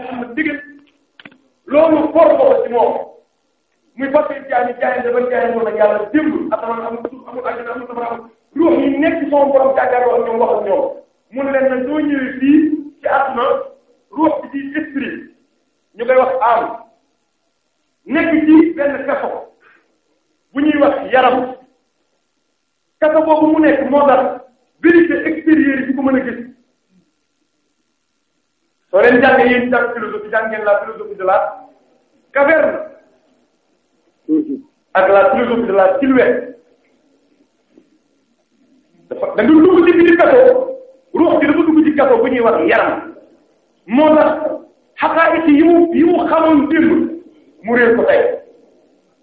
Ahmad digal loolu forfoo ci moom muy Fatou Ndiaye jaayante ba jaayantoon ak yàlla démb asamaan amul suuf amul àddina amul sama amul ruux yi nekk ci son borom jàkkaarloo ak ñoom wax ak ñoom mu ne leen nag doo ñëwee fii ci àdduna ruux bi ci esprit ñu koy wax âme nekk ci benn kaso bu ñuy wax yaram kaso boobu mu nekk moo tax vérité extérieure yi ku ko mën a gis. soo leen jàngee yéen jàng philosophie jàng ngeen la philosophie de la caverne mm-hmm. ak la philosophie de la silhouette dafa da nga dugg ci biir kaso ruux gi dafa dugg ci kaso bu ñuy wax yaram moo tax xaqaayit yi mu yi mu xamoon démb mu réer ko tey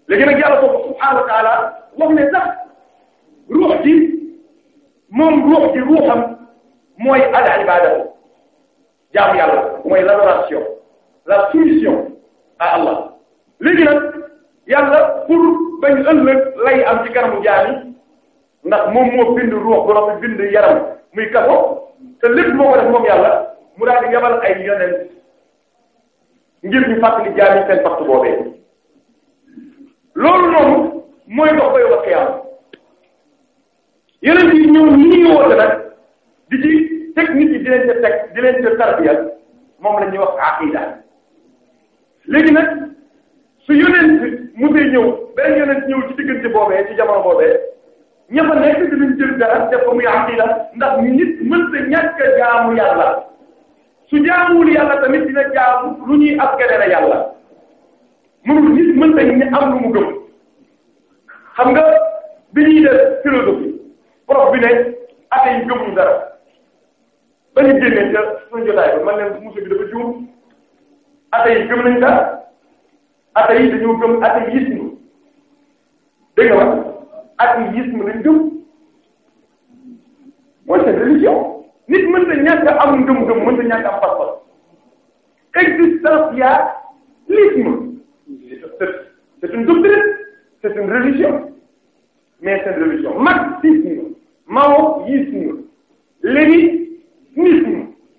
léegi nag yàlla boobu subhaanahu wa taala wax ne sax ruux gi moom ruux gi ruuxam mooy al ibada jaam yàlla mooy l'adoration la soumission à Allah léegi nag yàlla pour bañ ëllëg lay am ci kanamu jaam ndax moom moo bind ruux borom bi bind yaram muy kafo te lépp moo ko moom yàlla mu daal di yabal ay yonent ngir ñu fàttali jaam yi seen waxtu boobee loolu noonu mooy dox ba yowal xiyaam yonent yi ñëw nii ñu woote nag di ci. technique yi di leen ca teg di leen ca tarbiyal moom la ñuy wax aqida léegi su yonent mu see ñëw benn yonent ñëw ci diggante boobee ci jamono boobee ña fa nekk dinañ jël dara def ko muy aqida ndax nit mënta ñàkk a jaamu yàlla su jaamuwul yàlla tamit dina jaamu lu ñuy askanale yàlla mënul nit mënta ñu am lu mu gëm xam nga bi ñuy def philosophie prof bi ne ate yi gëmuñu dara. ba ñu génnee ca suñu jotaay ba man leen monsieur bi dafa juum athée yi gëm nañ dara athée yi dañoo gëm athéisme dégg nga wax athéisme lañ gëm mooy seen religion nit mën na ñàkk a am ngëm-ngëm mën na ñàkk a am pas-pas existentialisme c'est une doctrine c'est une religion mais c'est une religion marxisme maoïsme lénine nisme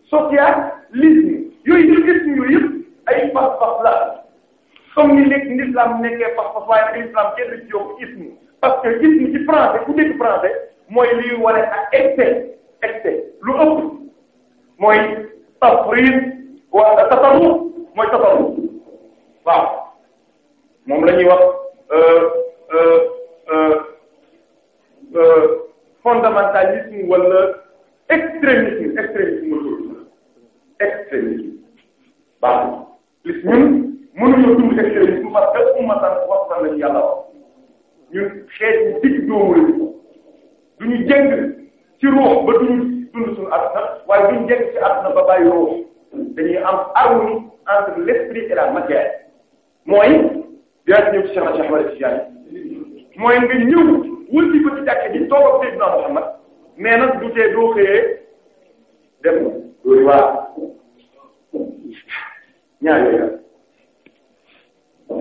socialisme yooyu yëpp yëpp yooyu yëpp ay pas-pas la comme ni léegi l'islam nekkee pas-pas waaye l'islam kenn ci yokk isme parce que isme ci français ku dégg français mooy liy wane ak excès excès lu ëpp mooy tafrid wala tasarruf mooy tasarruf waaw moom la ñuy wax euh, euh, euh, fondamentalisme wala. extrémisme extrémisme ma tuuti la extrémisme baaxul plus ñun mënuñoo dund extrémisme parce que ummatan wasatan lañu yàlla wax ñun xeet ñu digg doomu lañu ko duñu jëng ci ruux ba duñu dund suñu àdduna waaye duñu jëng ci àdduna ba bàyyi ruux dañuy am harmonie entre l'esprit et la matière mooy dinaa ñëw ci Cheikh Ahmad Tidiane mooy nga ñëw wëlbi ba ci jàkkee ji toog ak Seydina Muhammad mais nag du tee doo xëyee dem dóori waa ñaar yooyu la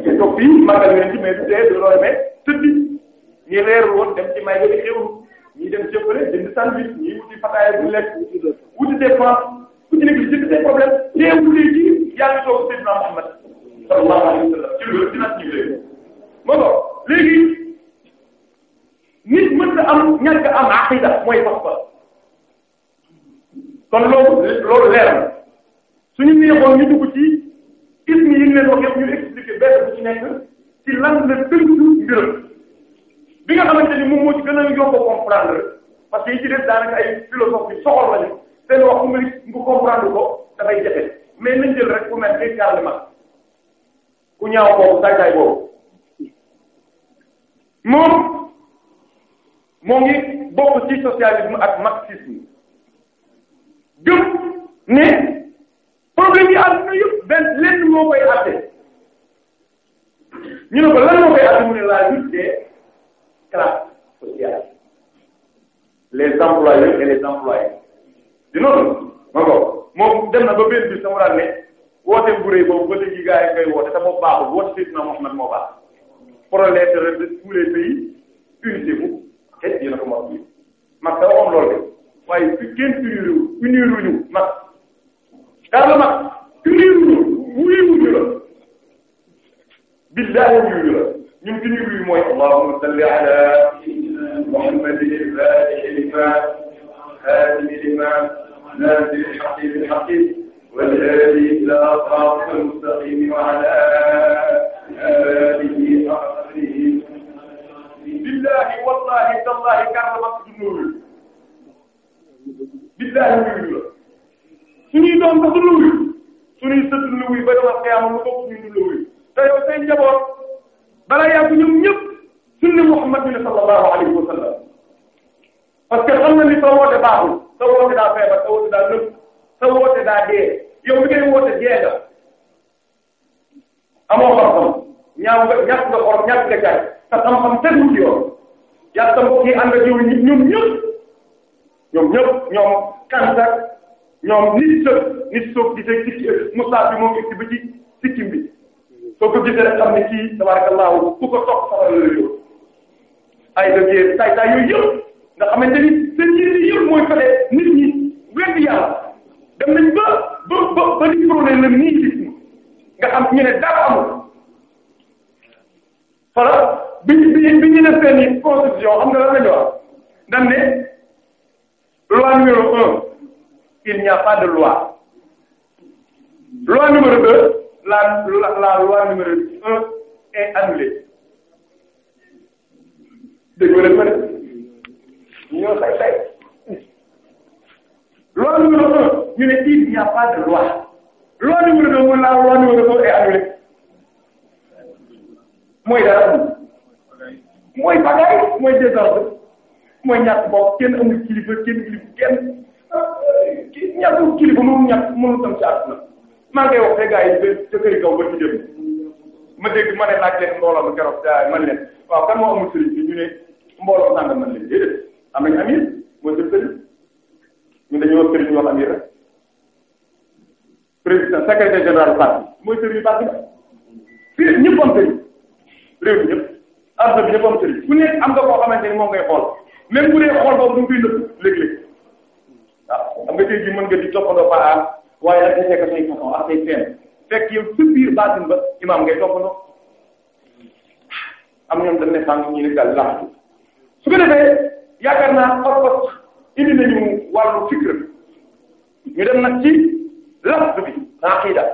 te toog fii magal leen ci mais du tee doo looy mais tëddi ñi reerul woon dem ci may ga di xewlu ñi dem cëppale jënd sandwich ñi wuti fataaya bu lekk wuti dépense ku ci nekk di jënd say problème teewul léegi yaa ngi toog Seydina Muhammad sallallahu alayhi wa sallam ci loolu dina ci léegi léegi nit mën na am ñàkk am aqida mooy fas ba kon loolu leer na suñu neexoon ñu dugg ci ismi yi ñu leen wax yëpp ñu expliqué benn nekk ci lan la tënku mbiram bi nga xamante ni moom moo ci gën a yomb a comprendre parce que yi ci def daanaka ay philosophe yi soxor lañu ku nga nga comprendre ko dafay jafe mais jël rek ku mel ni Karl ku ñaaw boobu sàncax boobu moom. moo ngi bokk ci socialisme ak marxisme gëm ne problème yi àdduna yëpp benn lenn moo koy àtte ñu ne ko lan moo koy àtte mu ne la lutte des classes sociales les employeurs et les employés di noonu ma ko moom dem na ba benn bi sama daal ne woote bu rëy boobu ba léegi gars yi ngay woote te boobu baaxul woote Seydina Muhammad moo baax prolétaire de tous les pays unissez-vous xeet yi na ko mag bi mag dama am loolu de waaye fi kenn uniru uniruñu mag daal la mag uniruñu wuyuñu la billahi wuyuñu la ñun fi ñu wuyu mooy allahumma salli ala muhammadin al-fatihi lima hadi lima nadi al-haqqi bil-haqqi wal-hadi ila siratil mustaqim wa ala alihi billahi wallahi tallahi karama du nuyu billahi nuyu la suñuy doom sax du nuyu suñuy sët du nuyu ba dama xiyama lu bokk ñu du nuyu te yow seen njaboot bala yàgg ñoom ñëpp sunna Muhammad bi sallallahu alayhi wa sallam parce que xam na ni sa woote baaxul sa woote daa feebar sa woote daa nëb sa woote daa dee yow mi ngay woote dee nga amoo xam-xam ñaaw nga ñàkk nga xor ñàkk nga jaay te xam-xam teguwul yoon yàlla tam kii ànd ak yow ñoom ñëpp ñoom ñëpp cancer ñoom nit sëb nit ci musaab bi moom it ba ci sikkim bi soo ko gisee rek xam ne kii tabarakallahu ku ko topp sawar la yow ay dëggee tay tay yooyu yëpp nga xamante ni seen yéene yëpp mooy fexe nit ñi weddi yàlla dem nañ ba ba ba ba ne dara amul. wala bi bi bi ñu def seen constitution xam nga lan la ñu wax dañ ne loi numéro un il n'y a pas de loi loi numéro deux la la, la loi numéro un est annulée dégg nga leen ñu ñoo say say loi numéro un ñu ne il n'y a pas de loi loi numéro deux mooy la loi numéro un est annulée mooy dara mooy bagaay mooy désordre mooy ñàkk bopp kenn amul kilifa kenn kilifa kenn ñàkk kilifa mënu ñàkk mënu tam ci àdduna maa ngi wax te gars yi ba ca kër kaw ba ci dem ma dégg ma ne laaj leen mbooloo ma keroog daa man leen waaw kan moo amul sëriñ bi ñu ne mbooloo sànga man leen déedéet am nañu amir mooy def sëriñ ñu dañoo sëriñ wax amir rek président secrétaire général parti mooy sëriñ parti ba fii ñëpp am sëriñ réew mi ñëpp àdduna bi ñëpp am sëriñ ku nekk am nga koo xamante ni moom ngay xool même bu dee xool boobu mu ngi koy nëbb léeg-léeg waaw xam nga tey jii mën nga di toppandoo fa aar waaye nag dañ nekk say façon ak say fenn fekk yow sa biir baatin ba imaam ngay toppandoo am ñoom dañ ne sànq ñu ne daal laxatu su ko defee yaakaar naa pas-pas indi nañu wàllu dem nag ci lafz bi aqida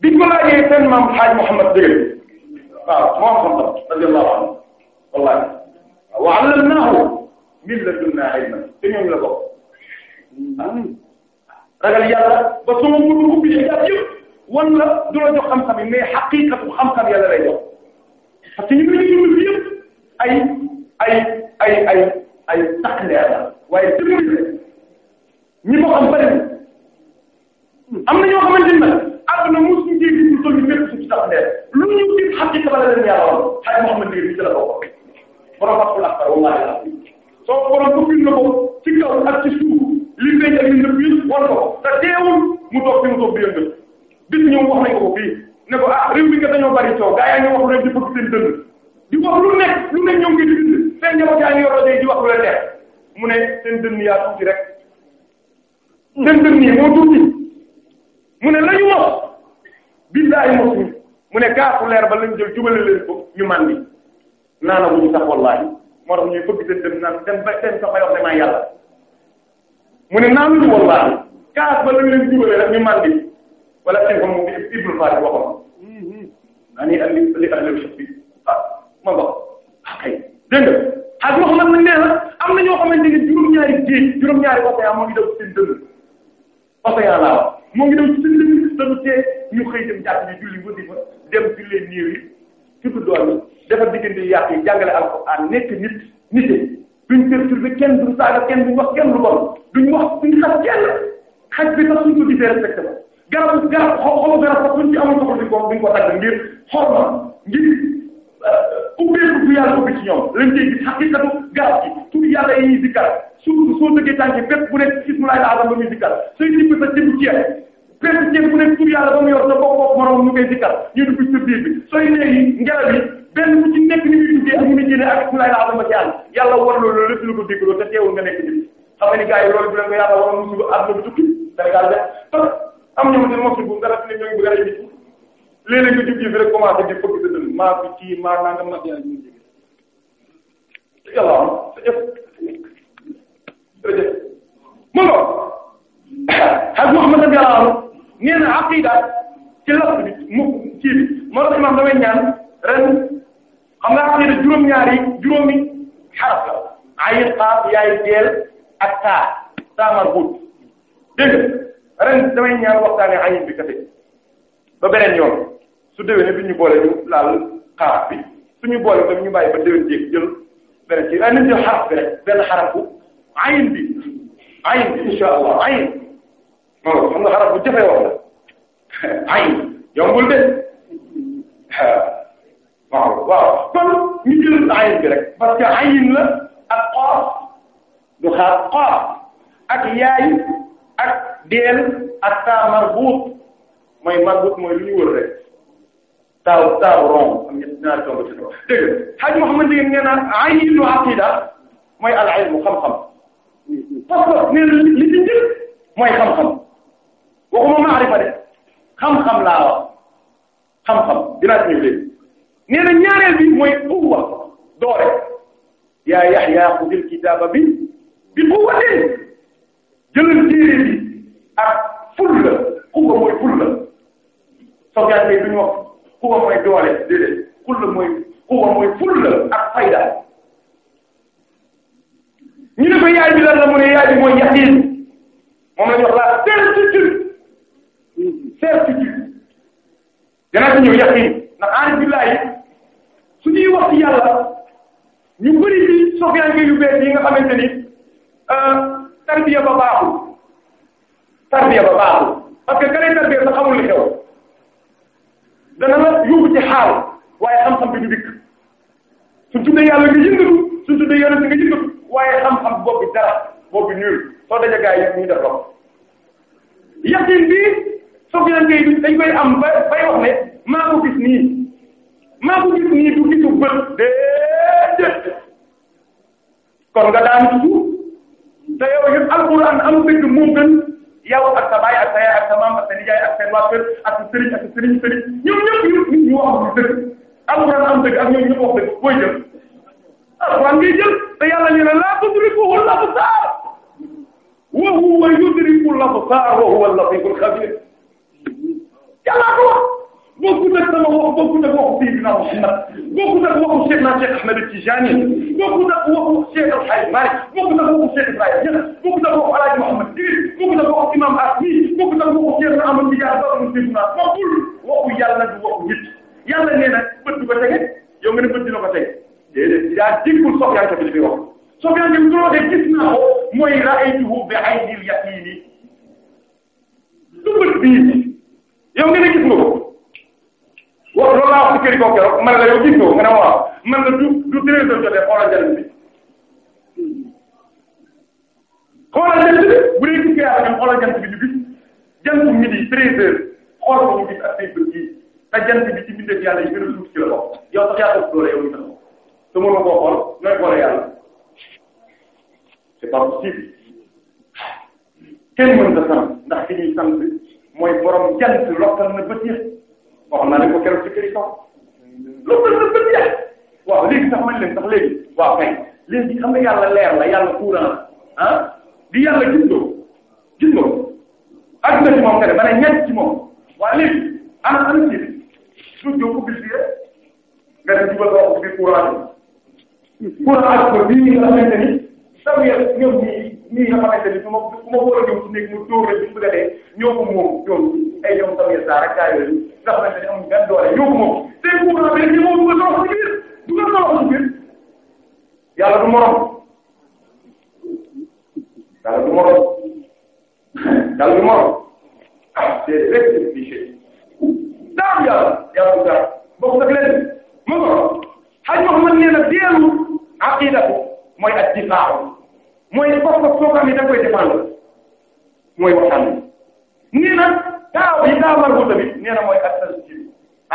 biñ ko laajee seen maam Haaj Muhammad dëgg waaw moo xam ndax radiyallahu anhu wallahi wa allamnahu min ladunnaa ilman te ñoom la bokk ragal yàlla ba sama mbuutu ubbi ci yàlla yëpp wan la du la jox xam-xam yi mais xaqiqatu xam-xam yàlla lay jox parce que ñu ngi leen di yëpp ay ay ay ay ay taqleer la waaye dëgg a leen nga mag yàlla ñu ngi jege. yàlla aqida ci laf bi mu ci bi moo tax imam damay ñaan ren xam aqida juróom-ñaari juróomi xaraf la ayil qaaf yaay deel taa taa marbuut dégg ren damay ñaan waxtaane ayil bi ba beneen yoon su déwénee bi ñu boole laal xaraf suñu boole tam ñu bàyyi ba déwén jéeg jël beneen ci ay nañ jël xaraf bi rek benn xaraf bu ayin bi bi insha allah ayin bon xam nga xaraf bu jafe wax la ayin yombul de waaw waaw kon ñu jël ayin bi rek parce que ayin la ak xoof du xaar xoof ak yaay ak deel ak taa marbuut mooy marbuut mooy lu ñu rek. taaw taaw ron am ñett ñaari tomb ci dëgg xaj Mouhamad Ndieguène nee na aynu aqida mooy al ilmu xam-xam parce que nee na li ci jël mooy xam-xam waxuma maarifa de xam-xam laa wax xam-xam dinaa ci ñëw léegi nee na ñaareel bi mooy quwwa doore yaa Yahya xudil kitaaba bi bi quwwatin jëlal téere bi ak fulla quwwa mooy fulla soo ko yaa duñu wax quwa mooy doole déedéet kulla mooy quwa mooy fulla ak fayda ñu ne yaay bi lan la mu ne yaay bi mooy yaqin moom la ñu wax la certitude certitude danaa ci ñëw yaqin ndax en billahi su ñuy wax yàlla ñu bëri ci sofiyanke yu bees yi nga xamante ni euh, tarbiya ba baaxul tarbiya ba baaxul parce que ka lay tarbiya sa xamul li xew dana la yóbbu ci xaal waaye am xam bi du dikk suñ tuddee yàlla nga yëngatu suñ tuddee yonent nga yëngatu waaye xam-xam boobu dara boobu ñuul soo daje gaa yi ñu def loolu. yaqin bi soo ko dañ am ba bay wax ne maa ko gis nii maa ko gis nii du gisu bët déedéet kon nga daan ci te yow yëpp alquran am dëgg moo gën. yow a sa baay ak sa yaay ak sa maam ak sa nijaay ak seen waa kër ak sa sëriñ ak sa am dëgg ak ñoom ñëpp wax dëgg ñu ne laa tudrikuhu al-absar wa huwa yudriku al-absar wa huwa al-latiful khabir yàlla bokkut ak sama wax bokkut ak waxu Seydina Muhammad bokkut ak waxu Cheikh na Cheikh Ahmed Tidiane bokkut ak waxu Cheikh El Hadj Malick bokkut ak waxu Cheikh Ibrahima Niass bokkut ak waxu El Hadj Mouhamed Dibir bokkut ak waxu Imam Asmi bokkut ak waxu Cheikh Ahmed Tidiane bokkul Seydina bokkul waxu yàlla du waxu nit yàlla nee na bët du ko tege yow nga ne bët dina ko tege déedéet daa dikkul Sofyan bi li fi wax Sofyan bi mu waxee gis naa ko mooy ra'aytuhu bi aynil yaqini du bët bii yow nga ne gis nga ko waaw loolu laa wax si kër yi kooku keroog man la yow gis nga ne waaw man la du du treize heures jotee xoolal jant bi xoolal jant bi bu dee gis nga yàlla ñoom xoolal jant bi ñu gis jant midi treize heures xool ko mu gis ak say bët yi te jant bi ci mbindeef yàlla yi gën a suuf ci la bokk yow sax yaa ko doole yow ñu taxaw te mënoo koo xool nooy xool yàlla c'est pas possible kenn mën nga sant ndax ki ñuy sant mooy borom jant lokkal na ba jeex. wax naa ne ko keroog ci kër kaw loolu la gën a waaw léegi sax man leen sax léegi waaw kay léegi xam nga yàlla leer la yàlla courant ah di yàlla gindoo gindoo ak na ci moom kare ba ne ñett ci moom waaw léegi ana ana ci suuf joo ko bis bi rek nga dem jubal ko wax bi courant bi courant ak ko bii nga xamante ni saw yàlla ñëw ñii ñii nga xamante ni su ma su ma war a ñëw ci néeg mu dóor rek bu mu defee ñëw ko moom ñoom ay ñoom tamit saa rek kaa yooyu nga xamante ne amuñ benn doole ñoo ko moom tey ku ko defee nii moom du nga torox biir du nga torox biir yàlla du morom yàlla du morom yàlla du morom ah c'est vrai que c'est daam yàlla yàlla du dara bokk ak leen mu ko xaj wax man nee na deelu aqida ko mooy ak difaaw mooy foofu soo ko amee da koy défendre mooy waxtaan nee na daaw yi daa war ko tamit nee na mooy astasir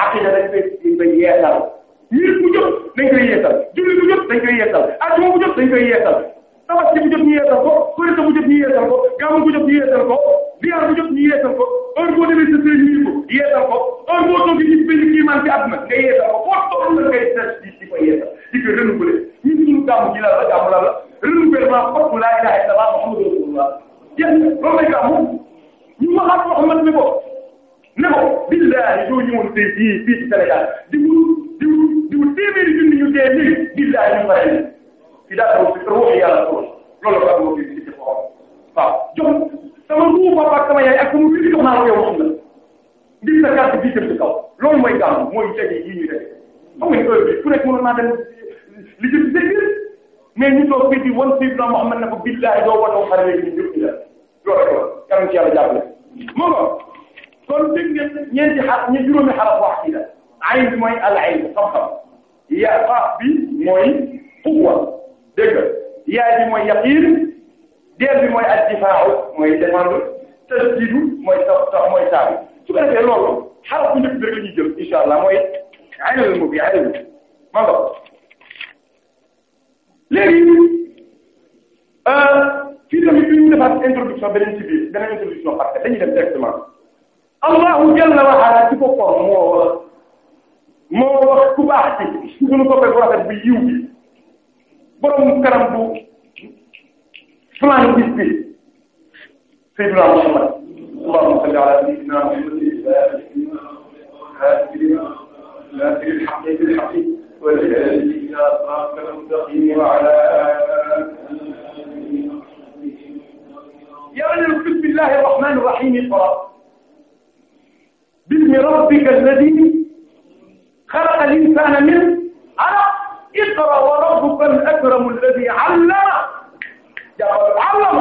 aqida dañ koy dañ koy yeesal yéen bu jot dañ koy yeesal julli bu jot dañ koy yeesal ajuma bu jot dañ koy yeesal tabaski bu jot ñu yeesal ko korite bu jot ñu yeesal ko gàmmu bu jot ñu yeesal ko ziyaar bu jot ñu yeesal ko heure boo demee sa sëriñ ñu ko yeesal ko heure boo toogee gis benn kiimaan ci àdduna nga yeesal ko foo toog la ngay tas di di ko yeesal di ko renouveler ñun suñu gàmmu ji la la gàmmu la la renouvellement foofu laa ilaha illallah muhammadu rasulullah jeex loolu lay gàmmu ñu ma Muhammad ne ko ne ko billahi doo ñëwoon tey fii fii ci Sénégal di wut di wut di wut téeméeri junni ñu dee nii billahi ñu faral fi daa taw si ruux yàlla tool loolu la ko ci ci xool waaw jox sama ruux papa ak sama yaay ak sama wii jox naa ko yow wax nga di sa carte bi jëm ci kaw loolu mooy gàmm mooy jafe yi ñu def ni heure bi ku nekk mënoon naa dem li jëm ci mais ñu toog fii di wan Seydina Muhammad ne ko la loolu rek la yàlla ci yàlla jàppale. moo ko kon dégg ngeen ñeenti xar ñi juróomi xaraf wax ci la ayn bi mooy al ilm xam-xam ya bi mooy quwwa dégg nga yaa bi mooy yaqiin bi mooy ad-difaa mooy défendre tasdiidu mooy tax tax mooy taabu su ko defee loolu xaraf bu njëkk bi rek la ñuy jël incha allah mooy ilm bi ilm moo ko euh, fii tamit bi ñu defaat introduction beneen ci biir beneen introduction parce que dañuy dem directement allahu jalla wa ala ci boppam moo wax moo wax ku baax ci suñu boppam bu rafet bu yiw bi borom kanam bu flan gis bi sayyidina Muhammad allahumma salli ala sayyidina Muhammad يا له بسم الله الرحمن الرحيم اقرأ باسم ربك الذي خلق الإنسان من علق اقرأ وربك الأكرم الذي علم علم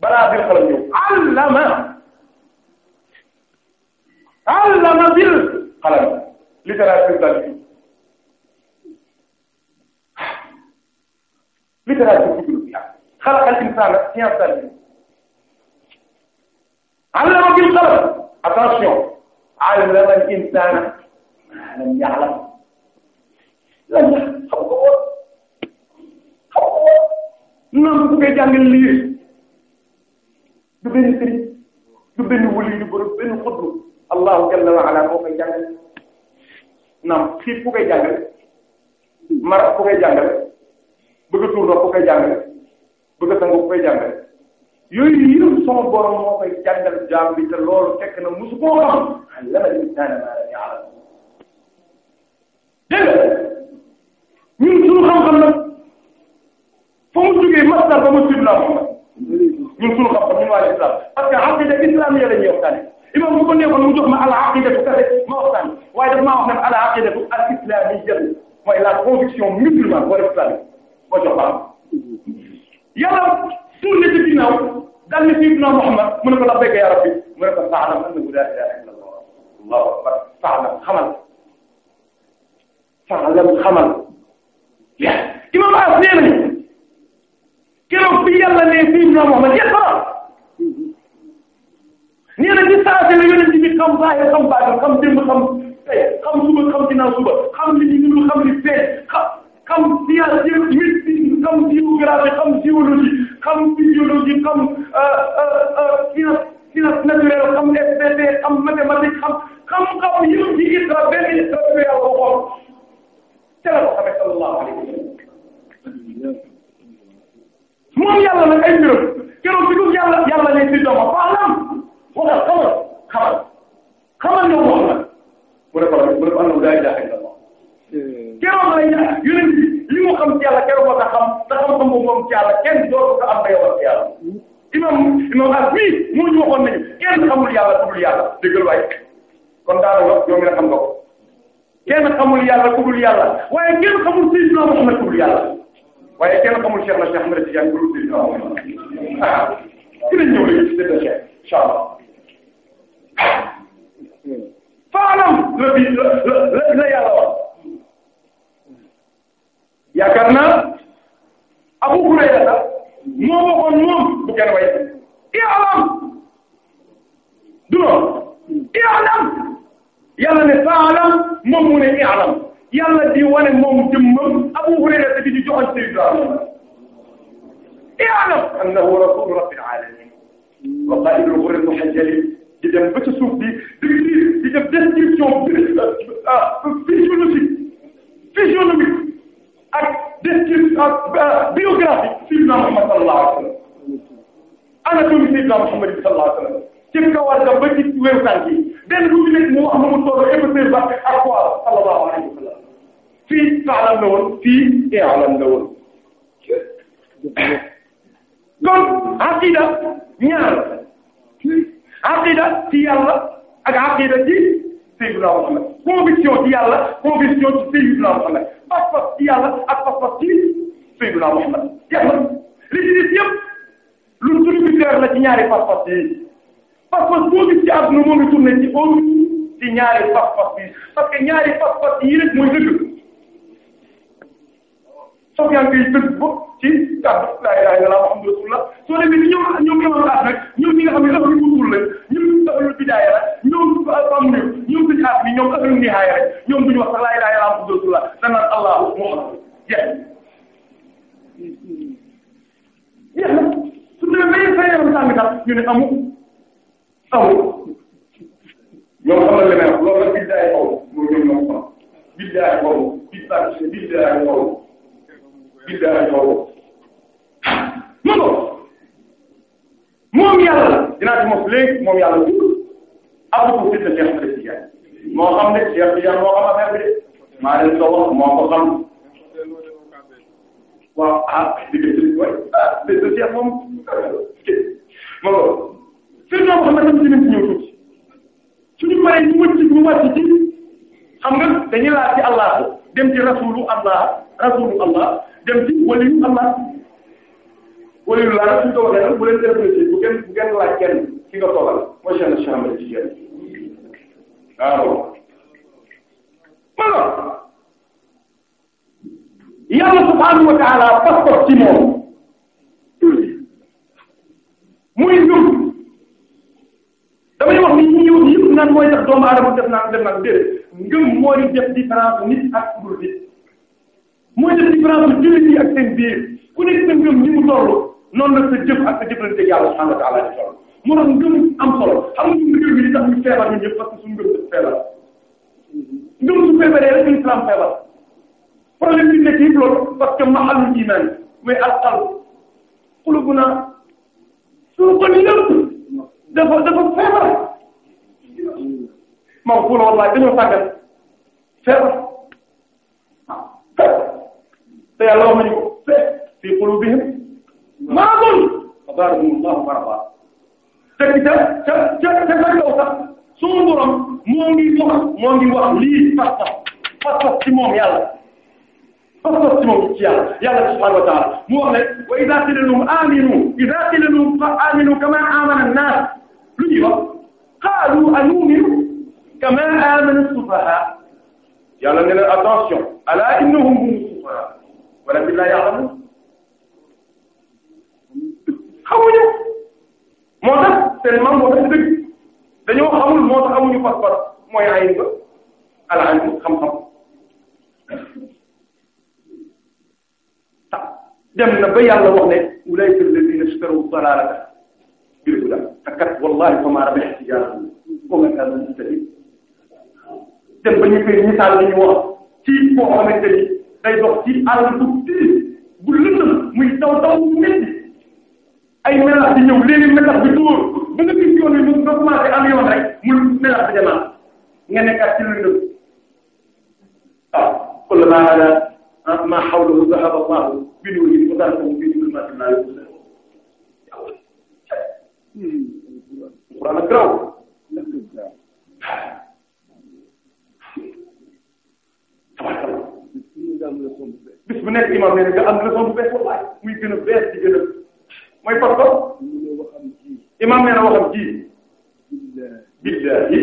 balaa biir xalam ñëw allama allama bil xalam littérature daal littérature xalaqal insaana fi ahsani allama bil qalam attention allama al insaana maa lam ya'lam lan la xam ko woon xam ko woon noonu bu koy jàngal lii du benn sëriñ du benn wuli du benn xuddu allahu jalla wa ala moo koy jàngal naam xiif ku koy jàngal mara ku koy jàngal bëgg a tuur ku koy jàngal bëgg a sangu koy jàngale yooyu yëpp sama borom moo koy jàngal jaam bi te loolu fekk na musu koo xam allama al-insaana maa lam ya'lam dégg nga ñun suñu xam-xam nag fa mu jógee masdar ba mu tudd la moom ñun suñu xam-xam ñun waa islam parce que aqida islamiyya la ñuy waxtaane imam bu ko neexoon mu jox ma al aqidatu kase ma waxtaan waaye daf maa wax ne al aqidatu al islamiyya mooy la conviction musulmane wala islamique moo jox ba yàlla tuur na ci ginnaaw daal ne Sayyidina Muhammad mu ne ko labbayka ya rabbi mu ne ko fa'lam annahu la ilaha illa Allah Allahu akbar fa'lam xamal fa'lam xamal ya imam as nee nañu keroog bi yàlla ne Sayyidina Muhammad yàlla nee na ci saa seen yonent bi xam zaahir xam baatin xam démb xam tey xam suba xam ginnaaw suba xam li ñu xam li feeñ xam xam siyaan yëpp xam géographie xam géologie xam physiologie xam science euh, euh, euh, science naturelle xam SVT xam mathématique xam xam-xam yëpp ci ISRA benn ISRA bi yàlla waxoon ca la ko xamee sallallahu alayhi wa sallam moom yàlla nag ay mbiram keroog bi ko yàlla yàlla ne si dooma faalam waxal xamal xamal xamal ne wax na mu ne mu ne ko annahu keroog la ñu yonent bi li mu xam ci yàlla keroog la xam te xam-xam boobu moom ci yàlla kenn dootu ko am dayoo ci yàlla. imam imam as mii moo ñu waxoon nañu kenn xamul yàlla ku dul yàlla dëggal waaye kon daal wax yow mi la xam nga ko kenn xamul yàlla ku dul yàlla waaye kenn xamul Seydina Muhammad ku dul yàlla waaye kenn xamul Cheikh na Cheikh Ahmed Tidiane ku dul Seydina Muhammad ah dinañ ñëw léegi c'est le Cheikh inchallah faalam la bi la la la yàlla wax yaakaar naa Abu Hurayra la moo waxoon moom bu kenn way du noonu i'lam yàlla ne fa'lam moom mu ne i'lam yàlla di wane moom jëmmam Abu Hurayra te di di joxoon territoire i'lam annahu rasulu alamin wa qa'idul ghurri muhajjali di dem ba ci di di di def description ah, physiologique ak description ak euh, biographie Sayyidina Muhammad sallallahu alayhi wa sallam anatomie Sayyidina Muhammad sallallahu alayhi wa sallam ci kaw war ba ci wéru tànk yi benn bu ñu nekk moo wax na mu toll épaisseur ba ak poids sallallahu alayhi wa sallam fii taalam la woon fii ealam la woon kon aqida ñaar aqida ci yàlla ak aqida ci Sayyidina Muhammad conviction ci yàlla conviction ci Seydina Muhammad pas-pas ci yàlla ak pas-pas ci Seydina Muhammad yàlla li ci gis yëpp lu tributaire la ci ñaari pas-pas yi pas-pas boo gis ci àdduna moo ngi tourné ci au ci ñaari pas-pas yi parce que ñaari pas-pas yi rek mooy dëgg. soog yaa ngi koy tëgg ba ci kàddu laa ilaaha illallaah Muhammadu rasuulullaah soo demee ñoom ñoom ñoom laaj nag ñoom ñi nga xam ne dafa ñu wutul lañ ñoom dafa bidaaya la ñoom am ñu ñoom suñu at mi ñoom affaire nihaaya rek ñoom duñu wax sax laa ilaaha illallaah Muhammadu rasuulullaah danaan Allahu Muhammad jeex jeex na su demee bay sa yaram sànni sax ñu ne amu amu ñoom xamal li may wax loolu la bidaaya xaw ma mooy ñoom ñoom xaw bidaaya xaw bidaaya xaw billaahi xaw ma moom yàlla dinaa ci mos léegi moom yàlla dugg am na ko fitna Cheikh Ahmed Tidiane moo xam ne Cheikh Tidiane moo xam affaire bi de maa leen ko wax moo ko xam waaw ah dégg nga ah dégg nga Cheikh moom ma ko Seydou Mouhamed tamit dinañ ci ñëw tuuti suñu paree ñu wëcc ñu wàcc ci xam nga dañuy laaj ci Allah dem ci rasulu Allah. rasulu allah dem ci waliyu allah waliyu laa suñ ko waxee nag bu leen interprété bu ngeen bu ngeen laaj kenn ki nga toogal mooy seen chambre ci yéen waaw alors yàlla subhanahu wa taala passeport ci moom muy ñun damay wax ni ñi ñëw yëpp naan mooy tax doomu aadama def naan def naan déedéet ngëm mooy def différence nit ak pour nit mooy def différence bu jullit yi ak seen biir ku nekk sa ngëm ni mu toll noonu la sa jëf ak sa jëflante yàlla subhanahu wa ta'ala di toll mu doon ngëm am solo xam nga ngëm bi li tax ñu feebar ñun ñëpp parce que suñu ngëm dafa feebar ngëm su feebaree rek islam feebar problème bi nekk yëpp loolu parce que mahalul iman mooy alqalb qulubuna suñu xol yëpp dafa dafa feebar maa ngi fóono wallahi dañoo sàggan feebar te yàlla wax nañu ko fekk fii qulubihim maradun fa zaadahum Allahu marada te ca ca ca ca kaw sax suñu borom moo ngi wax moo ngi wax lii pas-pas pas-pas ci moom yàlla pas-pas ci moom ci yàlla yàlla subhaanahu wa ta'aala mu wax ne wa idhaa qila lahum aaminu idhaa qila lahum fa aaminu kamaa aamana an-naas lu ñuy wax qaaluu anu'minu kamaa aamana as-sufahaa yàlla ne leen attention alaa innahum wala bi laa yàlla xamuñu moo tax seen maam moo tax dëgg dañoo xamul moo tax amuñu pas-pas mooy ayin ba alaani xam-xam tax dem na ba yàlla wax ne ulayka alladina ishtaraw dalalata bil huda te kat wallahi fama rabihat tijaaratuhum wa ma kaanu muhtadin dem ba ñu koy misaal dañu wax ci boo xamante ni day dox ci àll bu tiis bu lëndëm muy taw taw métti ay melax di ñëw léegi melax bi dóor ba nga gis yoon yi mu nga commencé am yoon rek mu melax bi demaat nga nekkaat ci lëndëm ah qul ma ala ma hawlahu dhahaba Allahu bi nurihim wa darakum bi dhulumatin la yubsirun Alquran ak graw bu nekk imam ne nga am leçon bu bees wallaay muy gën a bees di gën a mooy pastor imam nee na waxam ji billahi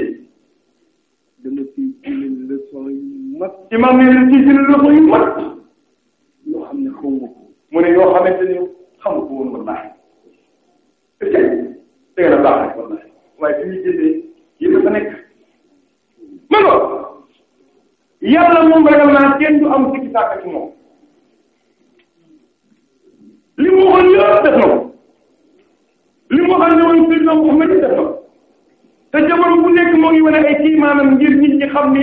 dama ciy jëlee leçon yu mat imam nee na ciy jëlee leçon yu mat yoo xam ne xaw ma ko mu ne yoo xamante ne xamu ko woon wallaay est-ce que dégg na baax rek wallaay waaye fi ñuy jëndee yéen dafa nekk man loolu yàlla moom ragal naa kenn du am sikki sàkk ci moom li mu waxoon yëpp def na ko li mu waxoon ñëwoon Seydina Muhammad def na ko te jamono bu nekk moo ngi wane ay kii maanaam ngir nit ñi xam ni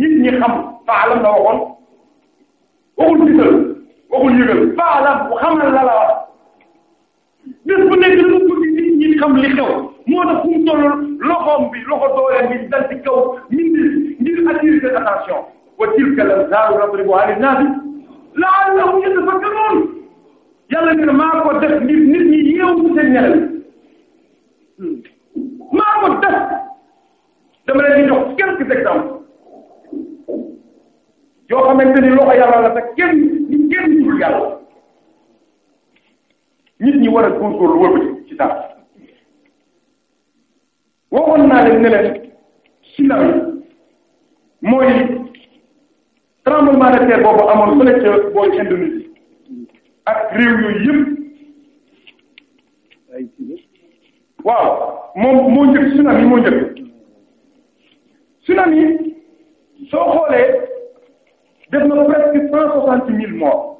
nit ñi xam faalam la waxoon waxul gisal waxul yëgal faalam bu xamal la la wax bés bu nekk dafa bëgg nit ñi xam li xew moo tax fu mu toll loxoom bi loxo dooleem bi dal ci kaw mindi ngir attirer attention yàlla ne maa ko def ngir nit ñi yeewu seen ñaareel maa ko def dama leen di jox quelques exemples yoo xamante ni loxo yàlla la te kenn ni kenn nit ñi war a góorgóorlu wëlbati ci dara waxoon naa leen ne leen silam yi mooy tremblement de terre boobu amoon fële ca booy Indonésie ak réew yooyu yëpp waaw moom moo njëkk tsunami moo njëkk tsunami soo xoolee def na presque cent soixante mille morts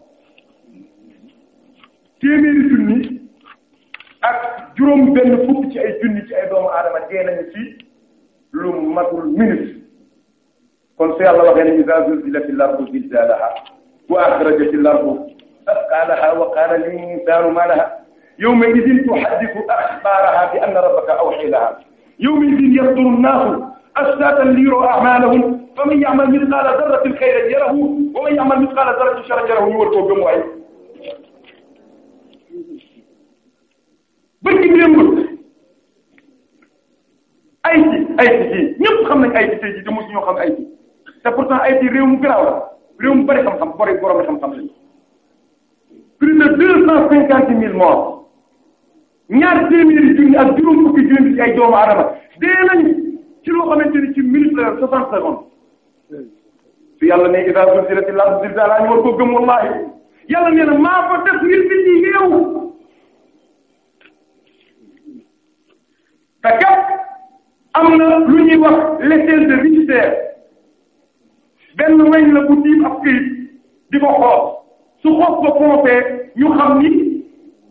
téeméeri junni ak juróom benn fukk ci ay junni ci ay doomu aadama dee nañu ci lu matul minute kon su yàlla waxee ne iza zulzilatil ardu zilzalaha wa akhrajatil ardu أثقالها وقال الإنسان ما لها يومئذ تحدث أخبارها بأن ربك أوحي لها يومئذ يصدر الناس أشتاتا ليروا أعمالهم فمن يعمل مثقال ذرة خيرا يره ومن يعمل مثقال ذرة شرا يره ñu war koo gëm waaye. bëgg démb Haïti Haïti ji ñëpp xam nañ Haïti tey jii te mosu ñoo xam Haïti te pourtant Haïti réew mu garaaw la réew mu bari xam-xam bari borom xam-xam lañu plus de deux cent cinquante mille morts ñaar téeméeri junni ak juróom fukki junni ci ay doomu aadama dee nañ ci loo xamante ni ci minute la soixante secondes su yàlla ne idaa zulzilatil ardu zilzaalaha ñu war koo gëm wallaahi yàlla nee na maa ko def ngir nit ñi yeewu am na lu ñuy wax l'échelle de Richter benn weñ la bu tiim ab këyit di ko xool su xof ba pompé ñu xam ni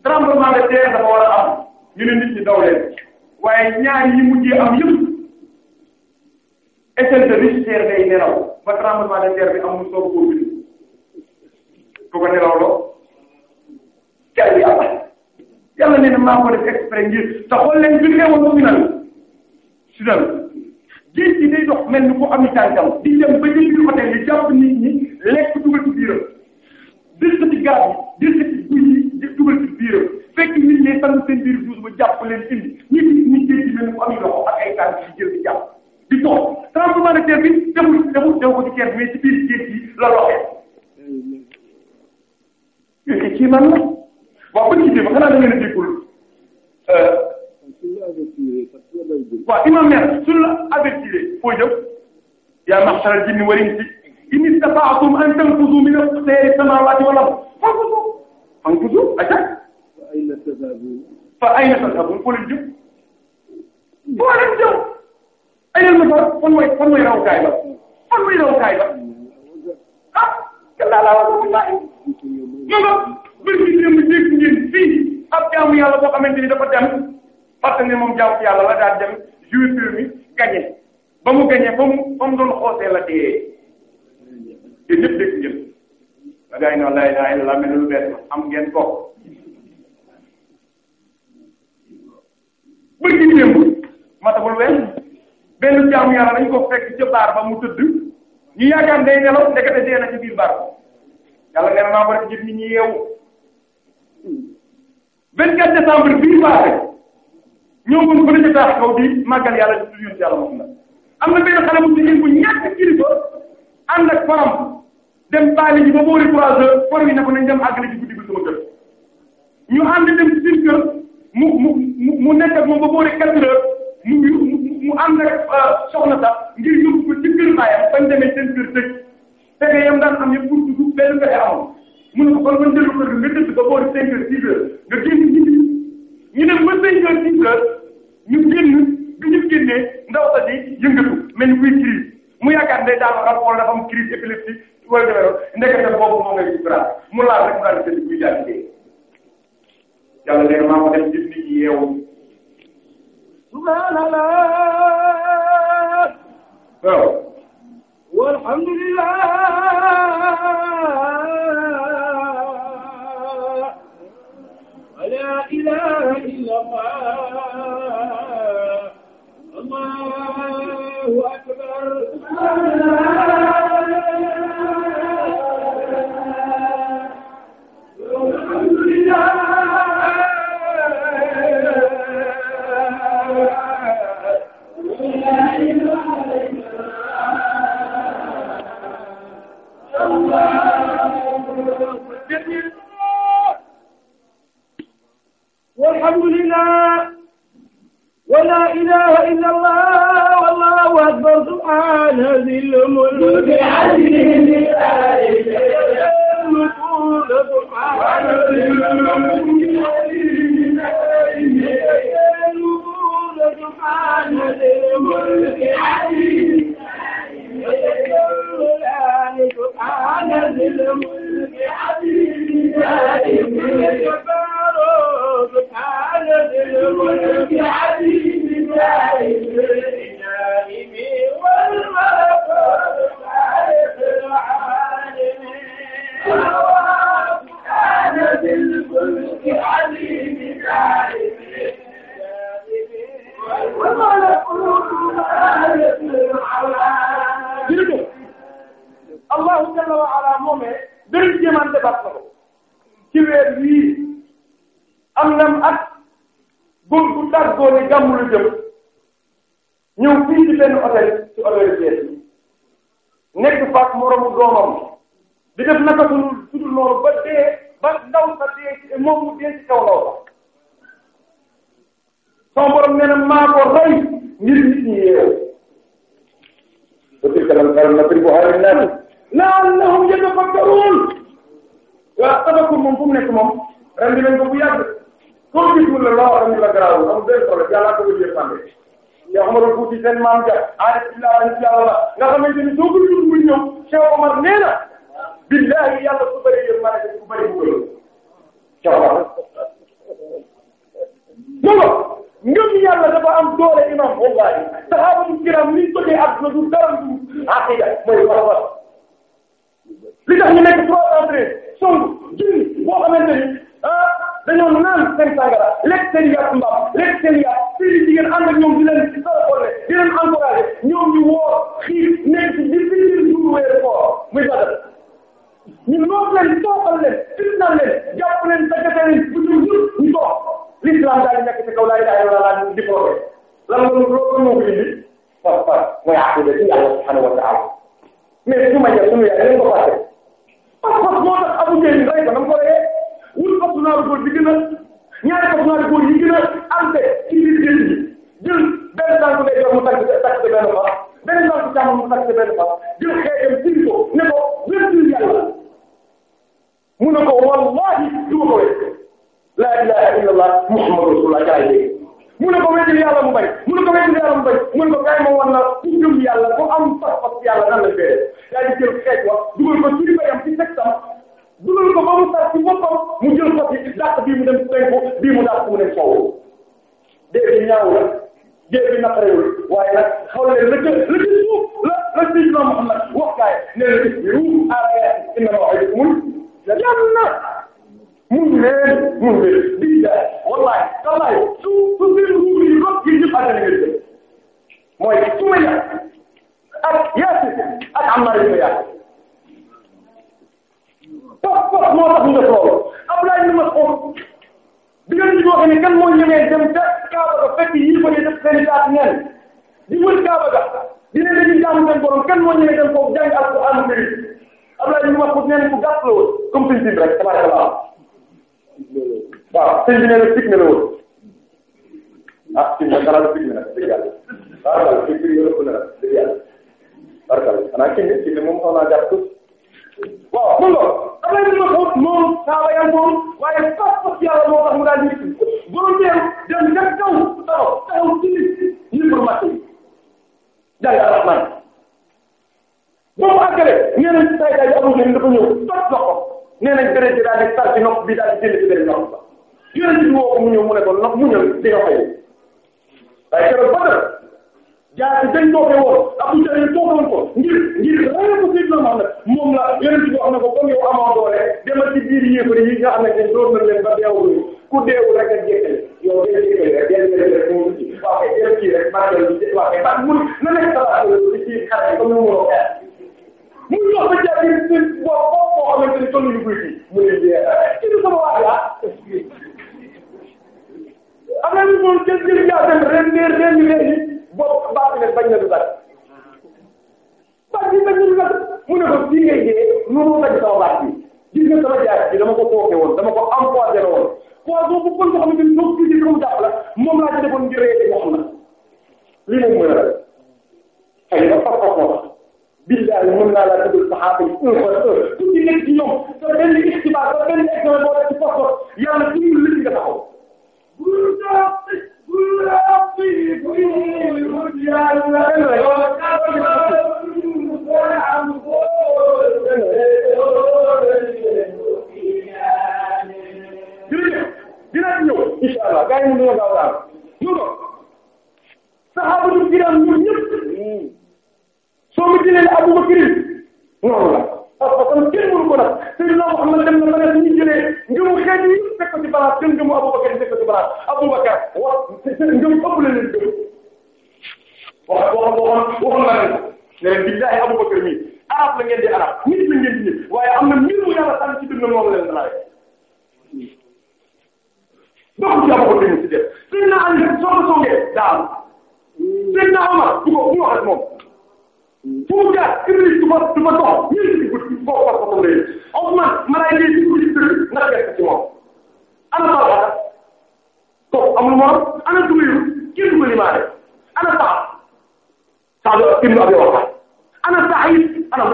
tremblement de terre dafa war a am ñu ne nit ñi daw waaye ñaar yi mujjee am yëpp échelle de Richter day nelaw ba tremblement de su ko nelaw si nan dox mel ni ko am i tànkam di dem ba jël bi hôtel yi jàpp nit ñi lekk dugal ci biiram des na ci garab yi des na ci buy yi dugal ci biiram fekk nit ñi tam seen biir douche ba jàpp leen indi nit ñi nit ñi di mel mu am loxo ak ay tànk ci jël di jàpp di toog tremblement de terre bi demul demul dem ko ci kër ci biir géej gi la loxee. léegi kii man la waaw ba ci biir xanaa da ngeen a déggul. Euh, waaw imam ne la avertir foo jëm yaa maxsharal jinni wal insi in istata'tum an tanfudu min aqtaari samaawaati wal ard fanfudu fanfudu aca fa ayna tadhabun fa ayna tadhabun foo leen jëm foo leen jëm ayna masar fan mooy fan mooy rawkaay ba fan mooy rawkaay ba ah kallaa laa wallahi mama bërki démb dégg ngeen fii ab jaamu yàlla boo xamante ni dafa dem parce que moom jaamu yàlla la daa dem jouer mi gagné ba mu gagné ba mu ba mu doon xoosee la dee te ñëpp dégg ngeen ba gars yi noonu lay lay la mel lu bees am ngeen ko ba ci démb matagul weer benn jaamu yàlla dañ ko fekk ca baar ba mu tëdd ñu yaakaar day nelaw ndekete dee na ci biir baar yàlla nee na maa war a jëf ñi ñu yeewu 24 décembre bii passé ñoo ngi ko mën a jëfandikoo di màggal yàlla di tudd yónni yàlla moom la am na benn xale bu jigéen bu ñàkk kilifa ànd ak faram dem bàyyi ba boori trois heures faram yi ne ko nañ dem àggali ci guddi bi sama kër ñu ànd dem ci seen kër mu mu mu nekk ak moom boori quatre mu mu ànd ak euh, soxna sax ngir yóbbu ko ci kër baayam bañ demee seen kër tëj fekkee yam daan am yëpp pour dugg benn fexe amoon mu ko kon man dellu kër gi nga ba boori cinq heures six heures nga génn ñu ñu dem ba cinq heures six heures ñu génn bi ñu génnee ndaw sa di yëngatu mel ni kuy crise mu yaakaar day daal waxal wala dafa am crise épileptique wala demee noonu ndekete boobu moo ngay ibra mu laal rek mu daal di tëdd buy daal di dee yàlla léegi maa ko def nit ñi yeewu subhanallah waaw walhamdulillah la ilaha illallah الله أكبر ngëm yàlla dafa am doole imam wallahi saxaaba mu kiram ni bëggee ak na du dara du aqida mooy xarafat li tax nekk trois cent treize son jin boo xamante ni ah naan seen sàngara lekk seen yàpp mbaam lekk seen yàpp seen jigéen ànd ak ñoom di leen saraxolle di leen encouragé ñoom ñu woor xiif nekk ci di biir duur weer koor muy badal ñu noot leen tooxal leen fitnal leen jàpp leen daggate leen bu ñu ñu l'islam daal di nekk ci kaw laa ilaha illallah ñu di ko lan la loolu moo ko indi fas fas mooy àqida ci yàlla subhanahu wa ta'ala mais su ma ja sunu yaay ko fàtte fas fas moo tax abu jëli rey ko nam ko reyee wut fas naaru góor yi gën a ñaari fas naaru góor yi gën a ante ci biir géej gi jël benn tànku day jox mu takk takk benn fas benn tànku càmm mu takk benn fas jël xeejam siri ko ne ko wér yàlla mu ne ko wallahi du ma ko wér la ilaha illallah muhammadu rasulullah kaay dégg mu ne ko weddil yàlla mu bañ mu ne ko weddil yàlla mu bañ mu ne ko kaay ma wan la ku gëm yàlla ku am pas-pas yàlla nan la fee daa di jël xeej wax dugal ko ci bayam ci textam dugal ko ba mu sax ci boppam mu jël ko ci dàq bii mu dem penku bii mu dàq mu dem sowwu dee bi ñaaw la dee bi naqarewul waaye nag xaw leen la ca la ca suuf la la Seydina Muhammad wax kaay nee na isbiru ala inna maw'idakum janna muñ leen muñ leen lii de wallaay wallaay su su seen nguur yi rop yi ñëpp ànd nañu leen mooy Sumayya ak Yaasir ak Ammaar ibn Yaasir pop pop moo tax ñu def loolu Abdoulaye ibn Mas'ud bi nga ñu waxee ne kan moo ñëwee dem ca Kaaba ga fekk yi fa ñu def seen taat neen di wër Kaaba ga di ne dañuy jaamu seen borom kan moo ñëwee dem foofu jàng Alxuraan Abdoulaye ibn Mas'ud neen ku gàtt la woon comme suñu rek tabaarkalla waaw sëñ bi nee na fitna la woon ah fitna xanaa fitna la dëgg yàlla waaw fitna yëpp na dëgg yàlla barkal xanaa fitna fitna moom xaw naa jàpp tuuti waaw mën nga am nañu ma ko moom saa ba yàlla moom waaye pas pas yàlla moo tax mu daal di borom teew dem nga taw taxaw taxaw ci nit ñi pour marché bi jaay arrahman boobu àggale nee nañ saa yi daal di amul dafa ñëw pas dox ko nee nañ beneen bi daal di tar ci nopp bi daal di jënd ci beneen nopp ba yonent bi woo ko mu ñëw mu ne ko nopp mu ñëw di nga fay waaye keroog ba dara jaasi dañ tooke woon Abu Jahl toogoon ko ngir ngir rajo bi Seydina Muhammad moom la yonent bi wax na ko comme yow amoo doole demal ci biir yéefar yi nga xam ne door na leen ba deewul ku deewul rek ak jékkale yow day jékkale rek day jékkale rek moom ci waaw kay jërëjëf rek maa ngi leen di waaw kay man mun na nekk sa laaj la ci xarale comme ni mu mu ngi wax ba jaay bi bi boo ko boo xamante ni tolluñu koy ji mu ne lii ci biir sama waa yaa ah. am na lu mu jël jël jaasem ren ren ren léegi boobu baax na bañ na du dara baax bi bañ na du dara mu ne ko bii ngay jiyee noonu lañ sama baax bi gis nga sama jaay bi dama ko tooke woon dama ko empoisé woon poids boobu kon nga xamante ni donc kii bi comme jàpp la moom laa ci defoon ngir réer yi wax na lii moom mooy la ay na foofu foofu billahi mën naa laa tuddal saxaaba yi un par un ku ci nekk ci ñoom sa benn ixtibaar sa benn examen boo def ci poste yàlla suñu lim nga taxaw jërëjëf dinaa ci ñëw incha allah gars yi mun nañoo gaaw daal ñëw doon saxaaba ñu ñëpp so ma jëlee Abubakar noonu la parce que kon kenn mënu ko nag Seydina Muhammad dem na ba ne ñu jëlee ngëmu xeet yi fekk ko ci balance seen ngëmu Abubakar fekk ko ci balance Abubakar wax ngëm ëpp la leen gëm wax waxoon waxoon naa leen ne leen billahi Abubakar mi di arab nit la ngeen di nit waaye am na mu yàlla sànni ci dund moom leen dana rek donc ci Abubakar lañu ci def Seydina Ali soo ko songee daal Seydina Omar du ko bu jaar Iblis du ma du ma dox ñun ñu ko ko ko lay on man malaay lay ci guddi dëgg na fekk ci moom ana Talha kooku amul morom ana Zubayr kenn du ko limaale ana Sa'd Sa'd ibn Abi Waqqas ana Sa'id ana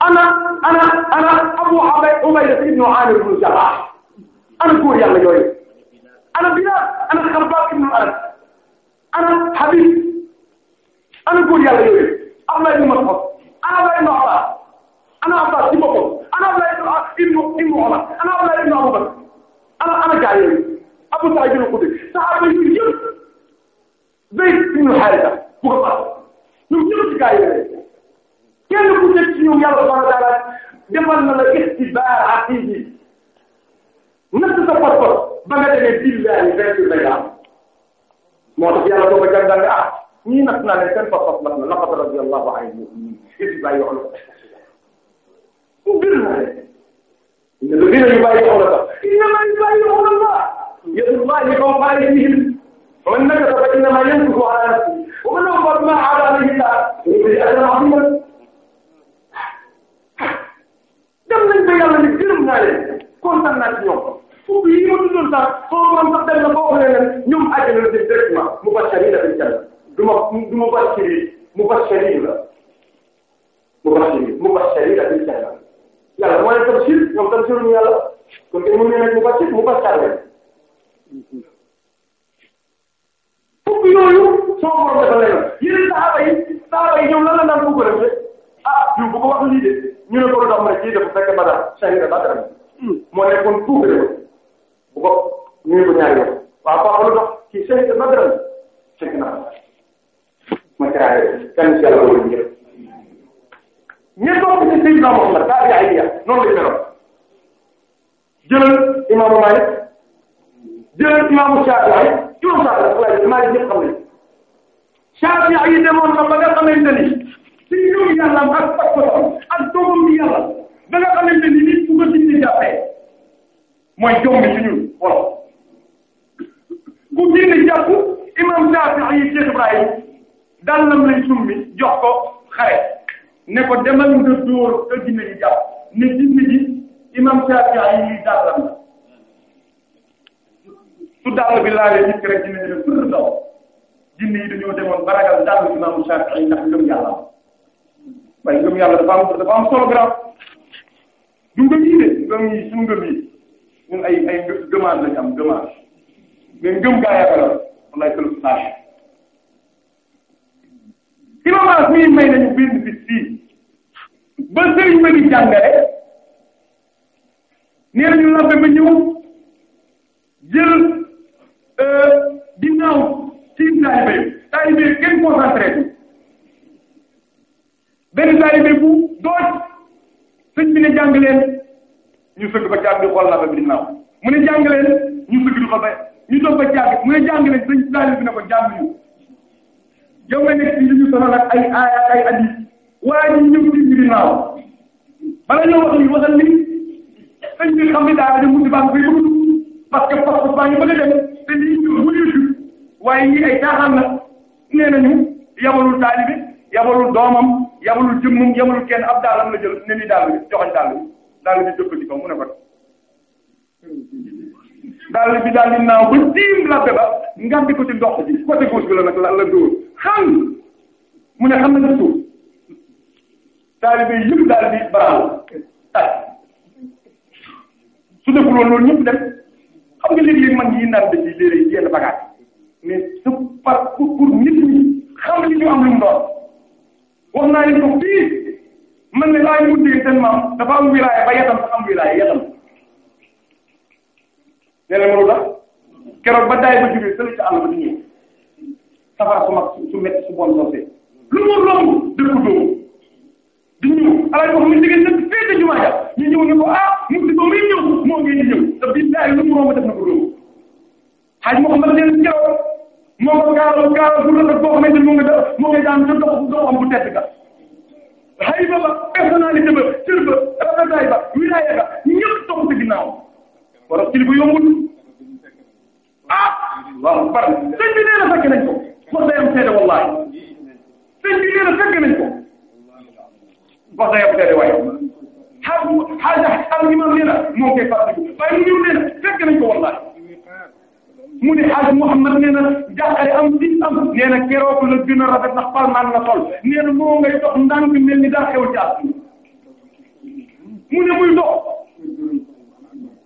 ana ana ana Abu Ubayda ibn Amir ibn Jarrah ana góor yàlla yooyu ana Bilal ana Kharbab ibn Aras ana Habib ana góor yàlla yooyu Abdoulaye ibn Mas'ud ana Abdoulaye ibn Abbas ana Abbas ci boppam ana Abdoulaye ibn ibn Umar ana Abdoulaye ibn Abu Bakr ana ana gaa yooyu Abu Sa'id al-Khudri saxaaba yi yëpp Zayd ibn Haarisa bu ko fàtte ñoom ñëpp ci gaa yooyu kenn ku nekk ci ñoom yàlla subhanahu wa ta'ala defal na la ikhtibaar aqiidi natt sa pas-pas ba nga demee billahi moo tax yàlla doo ko jàngal ah ñii nag naa leen seen boppam ndax na laqad radiyallahu anil mu'minin yëpp bàyyi wax na ko. yu bàyyi wax na ko. innamaa yubaayi'uhu llaha yadullaahi fawqa aydiihim faman nakasa fa innamaa yankusu alaa nafsihi wa man awfaa bimaa aahada alayhi llaah dem nañ ba yàlla ne gërëm naa leen kontaan naa ci ñoom fukki yi ma tuddoon sax foo ko sax dem na foo ko ñoom àjjana la directement mu bàcc a du ma du ma bashiri mu bashiri la mu bashiri mu bashiri la bil janna yàlla mooy tabshir ñoom tabshir ñu yàlla kon kay mu ne nag mu bashir mu bashar la fukk yooyu soo borom dafa leen yéen saaba yi saaba yi ñoom lan la daan bëgg a def ah jiw bu ko wax lii de ñu ne ko lu tax mu ne kii dafa fekk Badar Chahira Badar moo nekkoon tuub de bu ko ñu ne ko ñaari yoon waaw Pape Alou Ba kii Chahira Badar fekk na ma caa kenn ci yàlla wala ñëpp ñëpp bokk ci Seydina Muhammad taa yaa ngi yàq noonu lañ meloon jëlal imaamu Maalik jëlal imaamu Shaafi'i imaamu Shaafi'i Maalik ñëpp xam nañ Shaafi'i yi demoon na ba nga xamante ni si ñoom yàlla am ak pàccotam ak doomam bi yàlla ba nga xamante ni nit ku ko dindi jàppee mooy jom bi ci ñun wala ku dindi jàpp imam Shaafi'i yi Cheikh Ibrahim dàllam lay summi jox ko xare ne ko demal nga dóor ka jinne ji jàpp ne jinne ji imam Shaafi'i yi lii dàllam la su dàll bi laalee nit ki jinne ji ne për daw jinne yi dañoo demoon ba ragal dàll imam Shaafi'i yi ndax ngëm yàlla am waaye ngëm yàlla dafa am dafa am solo grave du yi de ngëm yi suñu ngëm yi ñun ay ay gëmaan lañu am gëmaan mais ngëm gaa yaakaar wallaay këlu sage imam mii may nañu benn bis fii ba sëriñ ba di jàngale nee nañu labbe ba jël di euh, naaw ci taalibe taalibe kenn concentré bi benn taalibe bu dooj sëñ bi ne jàng leen ñu sëgg ba jàng di xool labbe bi di naaw mu ne jàng leen ñu sëgg ñu toog ba jàng mu ne leen sëñ taalibe bi ne ko jàng ñu yow nga nekk ci li ñu sonal ak ay ay ay hadis waaye ñu ñëw ci mbiri naaw bala ñoo wax li waxal a lii ñu waaye ñii ay caaxaan la nee nañu yabalul taalibe yabalul doomam yabalul jëmmam yabalul kenn ab daalam la jël ne ni daal joxoñ daal daal di ko mu ko daal bi daal di naaw ba tiim labbe ba ngandi ko ci ndox bi côté gauche bi la nag la la dóor xam mu ne xam na ci suuf taalibe yëpp daal di baaxul taj su deful woon loolu ñëpp dem xam nga léeg-léeg man yi naan da ci léeg-léeg yenn bagaat mais su par pour pour nit ñi xam li ñu am lu mu doon wax naa leen ko fii man ne laa ñu wut dégg seen maam dafa am wilaaya ba yetam sax am wilaaya yetam nee na ma lu tax keroog ba daay ba jógee sële ca àll ba di ñëw safara su mag su métti su bon sosé lu mu romb dëkku dóomu di ñëw alaay wax mu jógee dëkk fii te jumaa ja ñu ñëw ñu ko ah mu di ko muy ñëw moo ngi di ñëw te bii daay lu mu romb def na ko dóomu xaaj moo xam ne leen keroog moo ko gaaral gaaral bu rafet boo xamante ni moo ngi da moo ngi daan jëm dox dox am bu tedd ka xay ba ba personnalité ba cër ba rafetaay ba wilaaya ba ñëpp topp ci ginnaaw war a kilifa yombul ah waaw bari sëñ bi nee na fekk nañ ko wax day am seede wallahi sëñ bi nee na nañ ko wax day am seede na moo koy fàttaliku waaye mu na fekk nañ a sol nee na moo ngay dox mel ni daa xew ci mu ne muy dox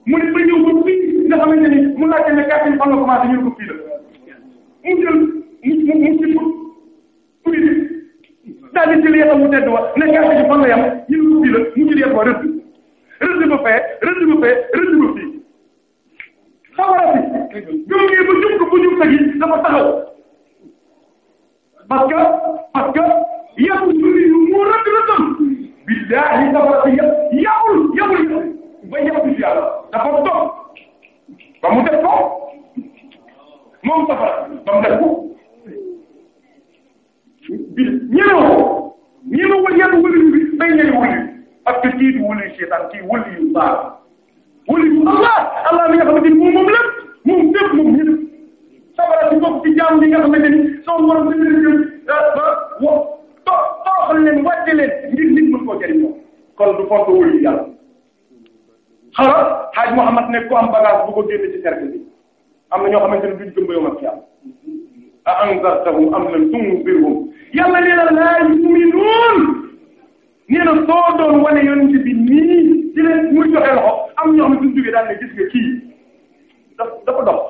mu ne ba ñëw ba fii nga xamante ni mu laajte ne kàddu gi fan la commencé ñu ko fii la mu jël mu mu ci prix bi daal di jël yàlla mu tedd wa ne kàddu gi fan la yam ñu ko fii la mu jël yàlla rëdd rëdd ba fee rëdd ba fee rëdd ba fii sawara bi gëm ngeen ba jub ko bu jub tagi dafa taxaw parce que parce que yàqu julli yu mu rëdd la tam billaahi sawara bi yàqul yàqul yàqul ba yàqu ba mu def ko moom safara ba mu def ko bi ñemewu ko ñemewu ko yan wëliw bi day ñëw wëliw parce que kii du wëliw seetaan kii wëliw baax wëliw allah allah mi nga xamante ni moom moom lépp moom lépp moom ñëpp safara si bopp ci jaam li nga xamante ni soo waroon dañu leen ah, ba wa toroxal leen wàcce leen ngir nit mën koo jëriñoo kon du fonk wëliw yàlla xara xaaj Mouhamad ne ku am bagage bu ko génne ci cercle bi am na ñoo xamante ne duñ gëm yowmal qiyaama a anzartahum am lam tunzirhum yàlla nee na laa yu'minuun nee na soo doon wane yonent bi nii ci leen muy joxe loxo am ñoo xam ne suñ jógee daal ne gis nga kii dafa dafa dox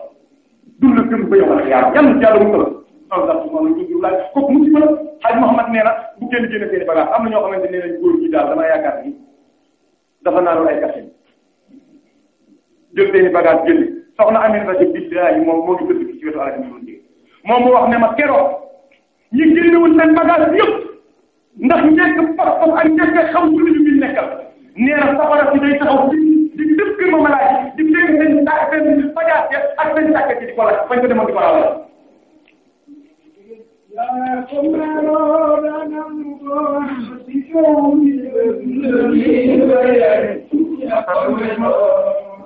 dund la gëm ba yowmal qiyaama yan jàll mu tëla anzartahum am lam tunzirhum laaj kooku musi bala xaaj Mouhamad nee na bu kenn génne seen bagage am na ñoo xamante nee nañ góor gi daal dama yaakaar ni dafa naanul ay café jël benn bagage génne soxna Amina rajo billaahi moom moo ngi tëdd ci wetu alal mi ngi moom mu wax ne ma keroog ñi génne woon seen bagage yëpp ndax ñekk pas-pas ak ñekk xam lu ñu bi nekkal nee na safara si day taxaw di di dëpp kër ma malaay di dégg seen daa seen bagaas ya ak seen sàkk ci di ko laaj fañ ko demoon di ko rawal.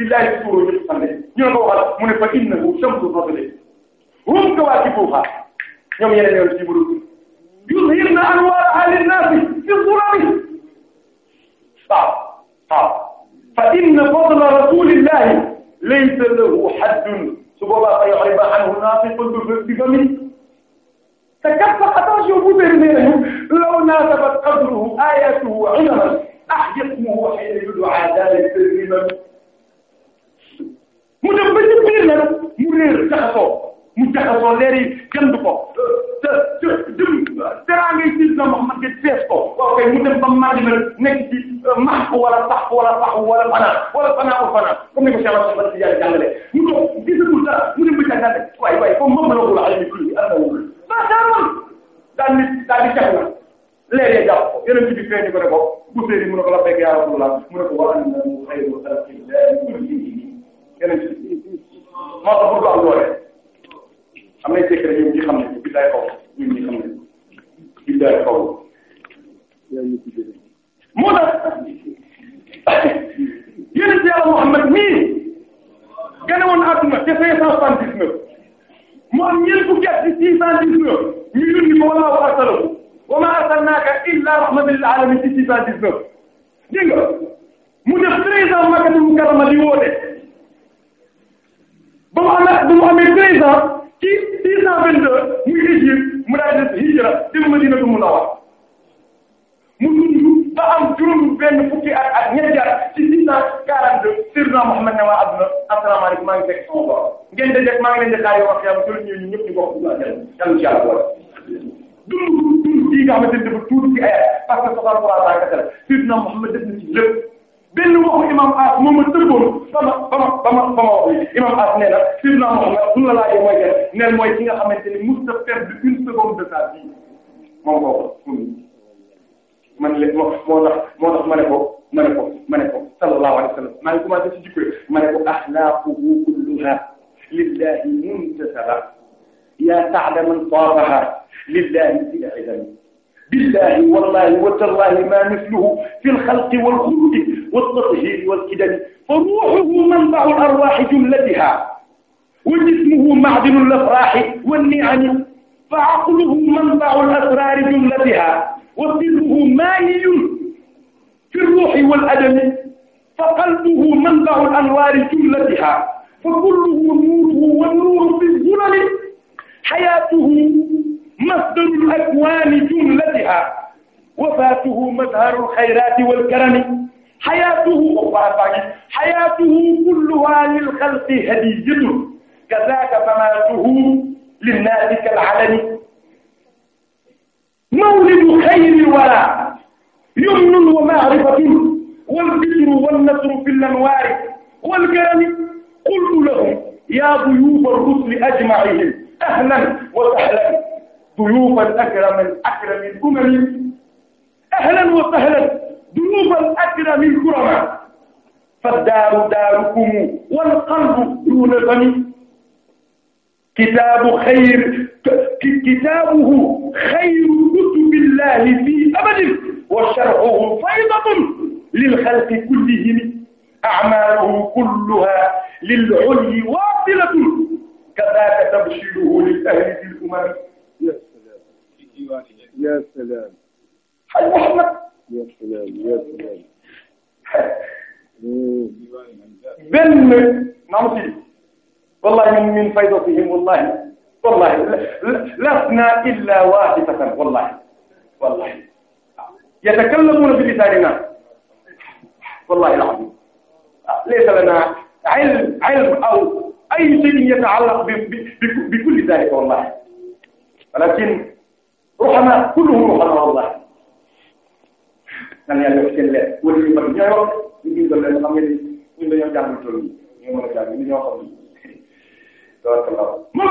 billahi tuuro ñu xam ne ñu ne ko waxal mu ne fa innahu shamsu rabbi hum kawaakibuha ñoom yeneen yoon ci buru yuzhirna anwaaraha linnaasi fi dhulami waaw waaw fa inna fadla rasulillahi laysa lahu haddun su boobaa fa yu'riba anhu naafiqun bi famihi te kat sax attention bu bëri nee nañu law naasabat qadruhu ayatuhu wa 'ilmuhu ahjathu wa hiina yud'a mu dem ba ci biir nag mu réer jaxasoo mu jaxasoo leer yi jënd ko te te jëm dara ngay gis na Muhammad nga fees ko waaw kay mu dem ba mardi ba nekk ci euh, max wala sax wala sax wala fanaan wala fanaan wala fanaan comme ni ko Cheikh Abdou Fatah Diagne jàngale mu toog gisatul dara mu dem ba jàngale waaye waaye comme moom la ko la ay kii ak moom la daal daal di daal di jaxla léeg-léeg jàpp ko yeneen bi feeñ ko ne ko bu feeñ mu ne ko la fekk yaa Rasulullah mu ne ko wa anna xayru xalqillah yeneen ci moo tax pour am doole am nañ secret ñoom ñi xam ne bi daay xaw ñun ñi xam ne bi daay xaw moo tax yeneen ci yàlla Muhammad mii gane woon àdduna te cinq cent soixante-dix-neuf mu am ñeent fukki at ci six cent dix-neuf ñu yónni ko wallaahu arsalahu wa maa arsalnaaka illaa rahmatan lil aalamiin ci six cent dix-neuf dégg nga mu def treize ans Makkatul Mukarrama di woote ba mu amee ba mu amee treize ans ci six cent vingt deux muy Égypte mu daal di hijra dem Madinatu Munawwara mu dund ba am juróom benn fukki at ak ñetti at ci six cent quarante deux Seydina Muhammad ne waa adduna asalaamaaleykum maa ngi fekk sama borom ngeen di def maa ngi leen di xaar yoo wax yàlla jël ñun ñëpp ñu bokk ci wàllu yàlla ci yàlla boole. dund dund kii nga xamante ne dafa tuuti ci ay at parce que soxal trois ans kese la Seydina Muhammad def na ci lépp. benn waxu imam as moom ma tëggoon ba ma ba ma ba ma ba ma wax imam as nee na Seydina Muhammad bu la laajee mooy kenn neen mooy ki nga xamante ni musta perdre une seconde de sa vie moom ko man le moo moo tax moo tax ma ne ko ma ne ko ma ne ko sallallahu alayhi wa sallam maa ngi commencé ci jikko ma ne ko axlaaquhu kulluha lillahi muntasaba ya ta'lamu man taabaha lillahi fi billahi wallahi wa tallahi ma mithluhu fi lxalqi walxuluqi waltathiri walkidami fa ruuxuhu manbau larwaxi jumlatiha wa jismuhu maadinu lafraxi wanniami fa aqluhu manbau lasrari jumlatiha wa sirruhu maayiyun fi ruuxi waladami fa qalbuhu manbau lanwaari jumlatiha fa kulluhu nuuruhu wa nuuru fi zulali xayaatuhu masdarul akwaani jumlatiha wafaatuhu mazharul xayraati wal karami xayaatuhu waxaa baagi xayaatuhu kulluha lil xalqi hadiyatun kazaaka famaatuhu linnaasi kal alami mawlidu xayril wara yumnun wa maarifatun wal bidru wan nasru fil anwaari wal karami qultu lahum yaa duyuufa rusli ajmaihim ahlan wa sahlan duyufan akraman akramil umami ahlan wa sahlan duyufan akramil kurama fa daaru daarukum wal qalbu duuna fami kitaabu xayr kitaabuhu xayru kutubillahi fii abadin wa sharhuhu faydatun lil xalqi kullihim acmaaluhum kulluhaa lil ulyi waasilatun kazaaka tabshiruhu lil ahli bil umami diiwaanihi ya salaam xaj Muhammad ya salaam ya salaam benn maam si wallahi min min faydatihim wallahi wallahi lasna illa waahidatan wallahi wallahi yatakallamuna bi lisaanina wallahi al-aziim ah, laysa lanaa ilm ilm aw ay shay'in yata'allaq bi bi bi kulli dhaalika wallahi walaakin ruxamaa kulluhum ruxamaa wallahi nan yàlla def seen leer wala ñu mën ñooy wax ñu ngi doon leen xam ngeen ni ñun dañoo jàngal tool yi ñu mën a jàng ñu ñoo xam ni tabarkallah mo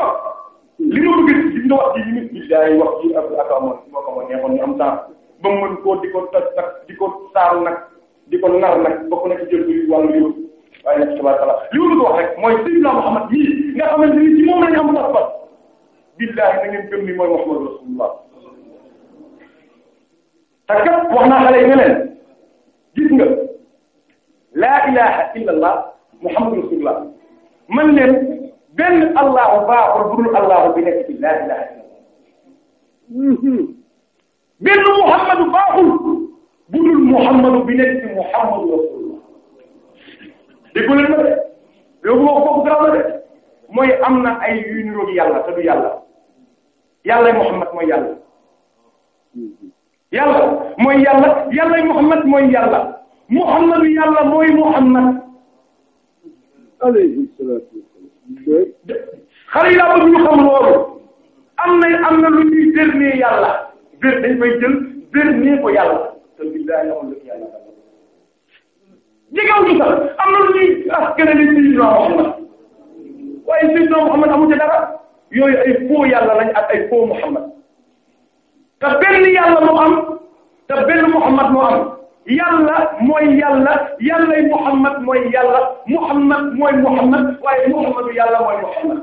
li ma bëgg li nga wax ji yi nit daay wax ji ak ak amoon moo ko ma neexoon ñu am temps ba mën koo di ko toj nag di ko saaru nag di ko nar nag bokk na ci jël bi wàllu yow waaye nag tabarkallah li ma bëgg wax rek mooy Seydina Muhammad mii nga xamante ni ci moom lañu am pas-pas billahi na ngeen gëm ni mooy Muhammad rasulullah te kat wax naa xale yi ne leen gis nga laa ilaha illa allah muhammadu rasulullah man leen benn allahu baaxul budul allahu bi nekk ci laa ilaha illa allah benn muhammadu baaxul budul muhammadu bi nekk ci muhammadu rasulullah déggu leen ma de yóbbu ma ko garaaw ma de mooy am na ay yu niroog yàlla te du yàlla yàlla muhammad mooy yàlla yàlla mooy yàlla yàlla Muhammad mooy yàlla Muhammadu yàlla mooy Muhammad. alayhi salaatu wassalaam. xale yi laa bëgg ñu xam loolu am na am na lu ñuy bernee yàlla ber dañ koy jël bernee ko yàlla. jéggiw ñu sax am na lu ñuy askan ah, wi Seydina Muhammad waaye Seydina Muhammad amu ci dara yooyu ay faux yàlla lañ ak ay faux Muhammad. te benn yàlla moo am te benn Muhammad moo am yàlla mooy yàlla yàllay Muhammad mooy yàlla Muhammad mooy Muhammad waaye Muhammadu yàlla mooy Muhammad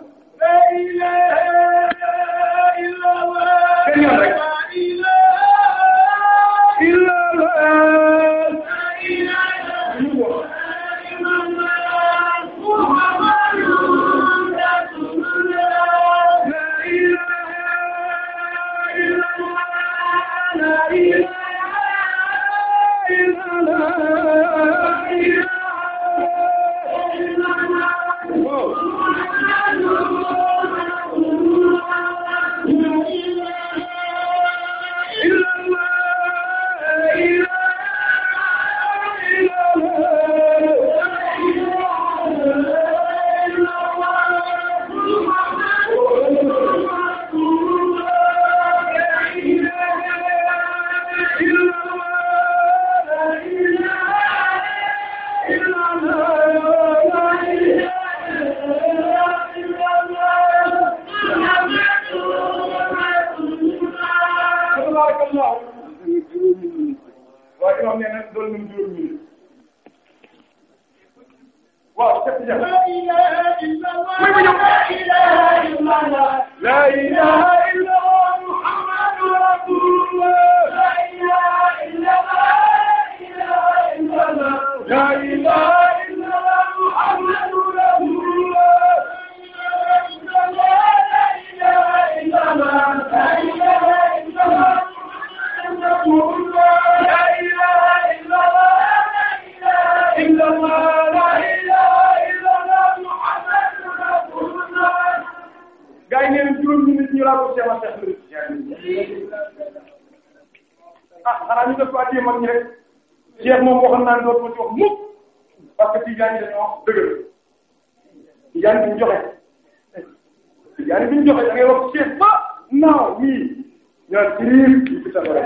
ñoom kii ñu ci safara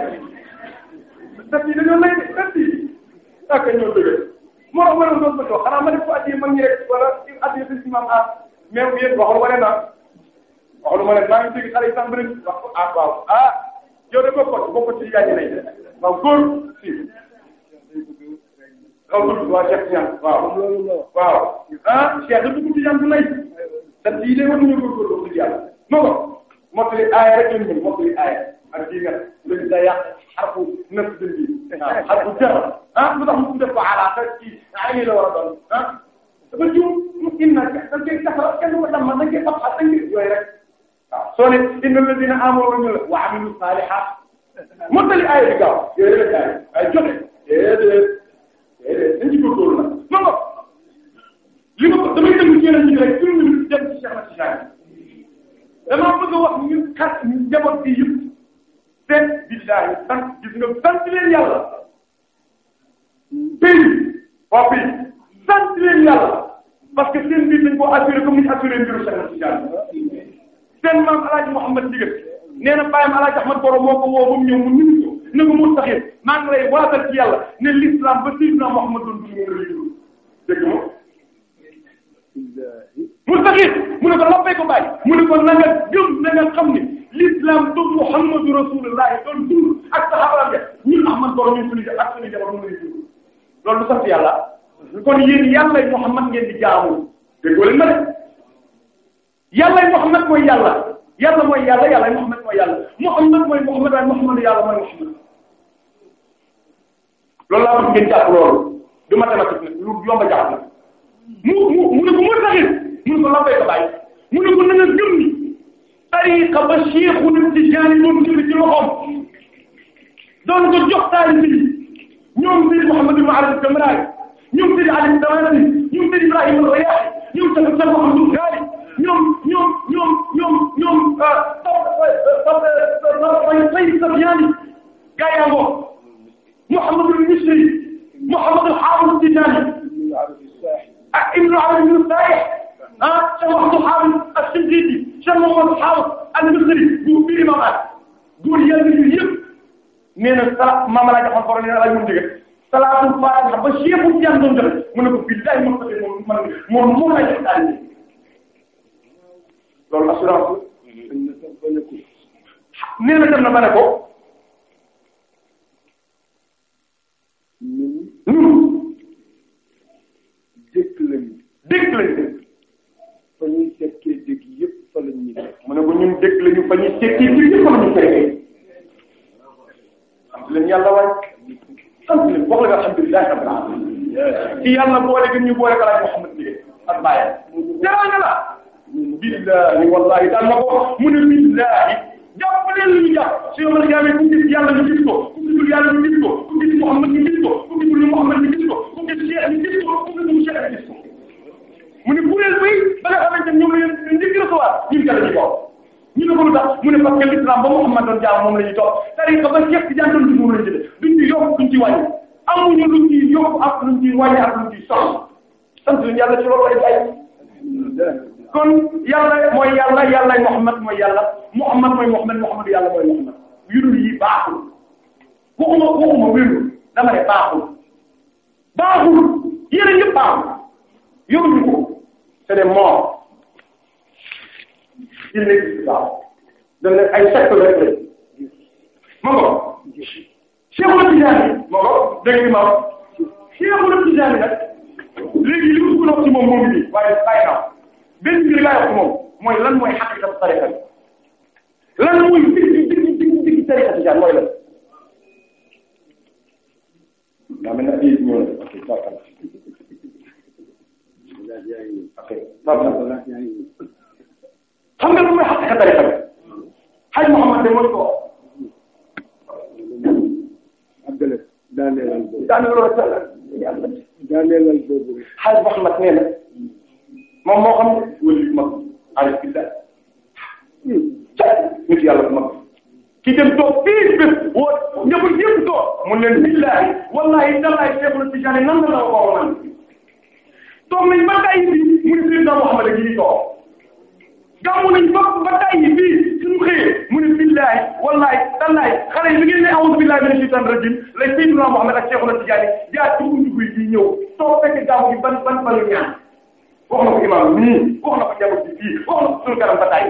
daf yi dañoo lay daf yi ak ñoo dëgër moo tax wala doon bëtoo xanaa ma def ko addi mag ñi rek wala addi si imam aas mais bu yéen waxul wane na waxul ma ne maa ngi dégg xale yi sax bëri wax ko ah waaw ah yow de bokkut bokkut ci yaa ngi lay waaw góor si waaw góor waaw Cheikh Niang waaw waaw ah Cheikh dugg ci yan lay sant yi de war nañoo góorgóorlu ci yàlla non mottali aaya rek lañ mën mottali aaya ak ji nga léegi day yàq xarfu nëb bi dindi. Ah. waaw xarfu jar ah lu tax mu def ko ala te ci ay la war a doon ah. dafa jiw mu inna da ngay taxaw kenn ku dama da ngay faq da ngay yooyu rek waaw ah, soo ne innal ladina amanu wa amilu salihat mottali aaya bi gaaw yooyu rek aaya ay joxe déedéet déedéet dañ ci góorgóorlu nag non non li nga ko damay déglu ci yeneen ñi rek une minute dem ci Cheikh Tidiane damaa bëgg a wax ñun xas njaboot bi yëpp seet billaahi sant gis nga sant leen yàlla pays waa pays sant leen yàlla parce que seen biir dañ koo assuré comme ni ñu assuré mbiru Cheikh Tidiane seen maam El Hadj Mouhamed Dieguène nee na bàyyam El Hadj Ahmed Boro moo ko woo ba mu ñëw mu nuyu ko ne ko mu taxee maa ngi lay waatal ci yàlla ne l'islam ba Seydina Mouhamed doon dund moom la ñu dégg nga. mu taxit mu ne ko loppee ko bàyyi mu ne ko na nga gëm na nga xam ne l'islam du Muhammadu Rasulullah doon dund ak saxaabaam ya ñun Ahmad borom ñu suñu ak suñu jabar mu ngi dund loolu sant yàlla kon yéen yàlla Muhammad ngeen di jaamu déggoo leen ma de yàlla Muhammad mooy yàlla yàlla mooy yàlla yàlla Muhammad mooy yàlla Muhammad mooy Muhammad waaye Muhammad yàlla mooy Muhammad loolu laa bëgg ngeen jàpp loolu du mathématique nag lu yomb a jàpp nag mu mu mu ne ko mu taxit mun ko labbay ko bàyyi mu ne ko na nga gëm ni tariqa ba Cheikhu Tijaani moom jël ci loxoom doon ko jox taalibe yi ñoom Seydi Mouhamed ibn Ali Damraani ñoom Seydi Ali Damraani ñoom Seydi Ibrahima Riyaahi ñoom Seydi Sall Mouhamed Gaali ñoom ñoom ñoom ñoom ñoom Sayyid Safyaani gaa yaa ngoog Mouhamed al-Misri Mouhamed al-Haafid Tijaani ak Ibn Arabi ah Cheikh Mouhamadou Haafis as-Sinjiiti Cheikh Mouhamadou Haafis al-Misri bu biir Imaam Maalik góor yàlla yu yëpp nee na sala maama laa joxoon borom nee na la ñu mën dëgg salaatul faatiha ba Cheikh bu Tijaan doon joxe mu ne ko billahi mu ko def moom moom laa jox daal loolu assurance nee na dem na ba ne ko. ñun dëkk lañu dëkk lañu fa ñuy tekkee dëgg yëpp fa la ñuy nekk. mu ne ko ñun dëgg la ñu fa ñuy tekkee dëgg yëpp fa la ñuy tekkee. sant leen yàlla waay sant leen wax la nga alhamdulilah rabbil alamin ci yàlla boole gën ñu boole balaa Muhammad liggéey ak bàyyi. jaraa la. billahi wallahi daal ma ko mu ne billahi jàpp leen li ñu jàpp su yomal xiyaamee ku gis yàlla ñu gis ko ku gisul yàlla ñu gis ko ku gis Muhammad ñu gis ko ku gisul Muhammad ñu gis ko ku gis Cheikh ñu gis ko ku gisul Cheikh ñu gis ko. mu ne kuréel bay ba nga xamante ne la ñu njëkk mu ne parce que l'islam ba Muhammad doon jaam moom la ñu toog tariqa ba Cheikh Tidiane doon moom la ñu jëlee duñ ci yokk duñ ci wàññi amuñu luñ ci yokk ak luñ ci wàññi ak luñ ci soxla sant nañu yàlla ci loolu ay kon yàlla mooy yàlla yàlla Muhammad mooy yàlla Muhammad mooy Muhammad Muhammad yàlla mooy Muhammad yu yi baaxul waxuma waxuma wéru dama ne baaxul baaxul yéen a yëpp baaxul yoruñu c'est des morts inexcusables donc ay secte la rek ma ko Cheikh Tidiane ma ko dégg nga ma Cheikh Tidiane nag léegi li mu gën ci moom moom bi waaye bàyyi naa benn mbir laay wax ci moom mooy lan mooy xaqiqa tariqa bi lan mooy digg digg digg digg tariqa Tidiane mooy lan. daa mel ne xam nga lu muy xaq tariqa bi xaj Muhammad de mooy ko abdala daaneelal boobu daaneelal boobu daaneelal boobu xaj Muhammad nee na moom moo xam ne wëli mag arif billah ca nit yàlla bu mag ki dem toog fii bés woo ñëpp yëpp toog mu ne billahi wallahi dallahi Seexul Tijaan nan la la ko naan toog nañ ba tay bi mu ne Seydina Muhammad a ngi nii toog gàmmu nañ ba ba tay bi suñu xëyee mu ne billahi wallahi tallahi xale yi li ngeen ne a'uuzu billahi mina shaytaani rajiim lay Seydina Muhammad ak Cheikhuna Tidiane jaar ci buntu yi ñëw toog fekk gàmmu bi ban ban banu ñaan wax na ko imaam nii wax na ko jamono bi fii wax na ko suñu kanam ba tay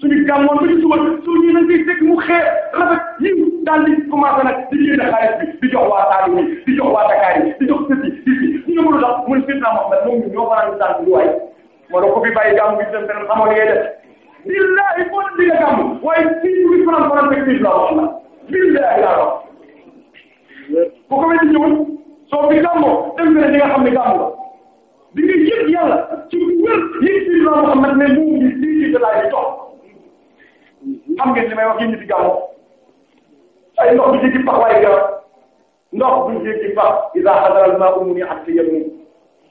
suñu gàmmoon ba ci suba suñu ñu nag day fekk mu xeer rafet daal di commencé nag di génne xaalis bi di jox waa Saalum yi di jox waa Dakar yi di jox sëti di si ñu mënu tax mun fitna Muhammad moom ñu ñoo fanaan saan du waay moo tax ko fi bàyyi gàmm bi dem feneen xamoo li ngay def billahi foo na digga gàmm waaye six mille francs par effectif la wax la billahi laa wax bu ko weesu ñëwul soo fi gàmmoo dem feneen di nga xam ne gàmm la di nga yëg yàlla ci wér yëg si la Muhammad ne moom bi sii ci de laay di jox xam ngeen li may wax yéen ñi di gàmmoo ay ndox bi jéggi pax waaye garab ndox bu jéggi pax iza hadara al-ma'u muni'at al-yamin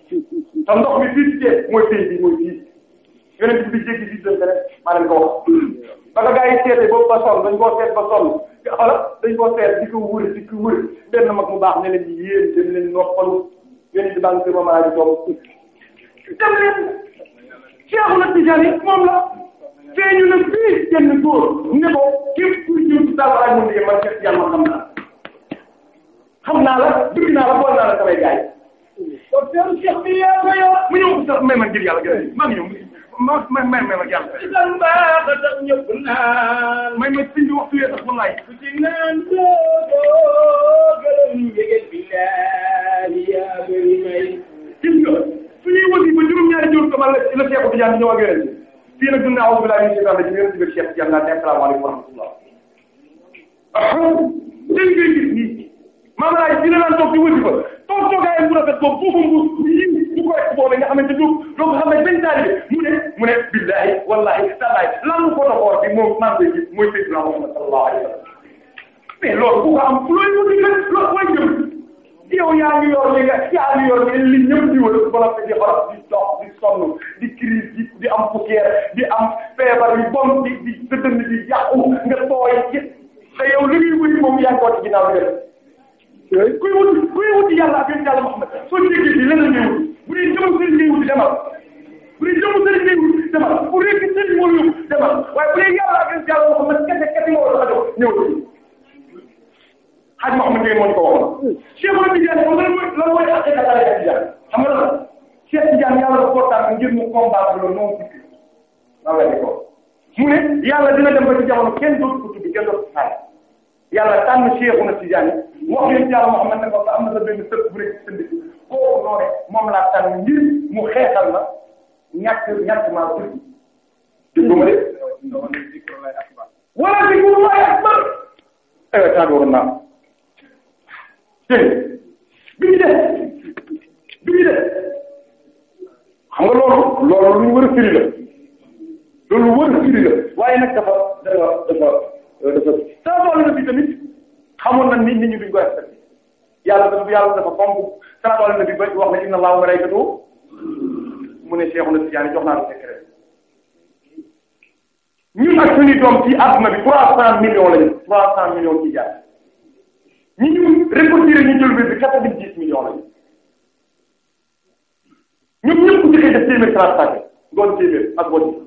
te ndox mi fii ci Thiès mooy pays bi mooy fii yeneen bi jéggi fii dëgg rek maa leen ko wax parce que gars yi seetee boobu ba sonn dañ koo seet ba sonn xala dañ koo seet di ko wër di ko wër benn mag mu baax ne leen di yéen dem leen noppalu yéen di bànq ma maa ji toog dem leen Cheikh Ahmed Tidiane la. feeñu na bii kenn góor ne ko képp kuy jëm ci Saalum Alaaji Mounde man Cheikh Tidiane xam naa xam naa la bëgg naa la bool naa la samay gaay kon seen Cheikh bi yaa ko yor. mu ñëw ko sax may ma ngir yàlla gërëm maa ngi ñëw ma ma may ma yàlla. isaan baax a tax ñëpp naan. may ma sëñ bi waxtu yee sax wallaay. ku ci naan doogoo gërëm njëgën bi laal yaa bëri may. gis nga su ñuy wënde ba juróom-ñaari joor sama la la Cheikh Tidiane ñëw ak fii nag dund naa aw bilaa yi seytaan rajim yonent bi Cheikh Diallo asalaamaaleykum wa rahmatullah tey ngay gis nii maam laay dina naan toog di wësi fa toog toogaayam bu rafet boobu foofu mbuus yi du ko rek boobee nga xamante du doo ko xam ne dañ mu ne mu ne billahi wallahi tallahi lan ko doxoor bi moom maa ngi koy gis mooy Seydina Muhammad sallallahu alayhi wa sallam mais loolu ku ko am loolu mooy jëm yow yaa ngi yor li nga yaa ngi yor li ñëpp di wër ba noppi di xarab di dox di sonn di crise di di am poussière di am feebar yu bon di di sa dënn di yàqu nga tooy te yow li ngay wëy moom yaa ngi ko ci ginnaaw yëpp. kuy wut kuy wut yàlla ak yàlla Muhammad soo déggee ci leneen ngay wut bu dee jëmu sëriñ ngay wut demal bu dee jëmu sëriñ ngay wut demal bu dee sëriñ moo yóbbu demal waaye bu dee yàlla ak yàlla Muhammad kese kese moo war a jox ñëw xaj ma xamante ne moo ñu ko waxoon. Cheikh Mouhamed Tidiane moom lan mooy lan mooy ak Cheikh Abdoulaye Tidiane xam nga lan Cheikh Tidiane yàlla dafa ko tànn ngir mu combattre le non fukki waaw waaye ko mu ne yàlla dina dem ba ci jamono kenn dootu ko tudd kenn dootu ko xaar yàlla tànn na Tidiane wax leen yàlla Mouhamed ne ko am na sa benn sëb bu nekk ci sëb kooku noonu moom laa tànn ngir mu xeexal la ñàkk ñàkk maa ko dégg nga ma de. wala dikrullahi akbar. aywa taa doon bi ñu def bi ñu nga loolu loolu lu ñu war loolu war a firi la dafa dafa dafa dafa saabal na tamit xamoon na ni nit ñi duñ ko respecté yàlla dafa yàlla dafa fonk saabal na bi ba wax na inna allaha wa malaikatahu mu ne Cheikhouna Tidiane jox naa la secret ñun ak suñu doom ci àdduna bi trois cent millions lañu trois cent millions ci jaar ñi ñu récolté ñu jël bi quatre-vingt-dix millions lañu ñun ñëpp ñu xëy def téeméer transplanté doon téeméer ak wàññi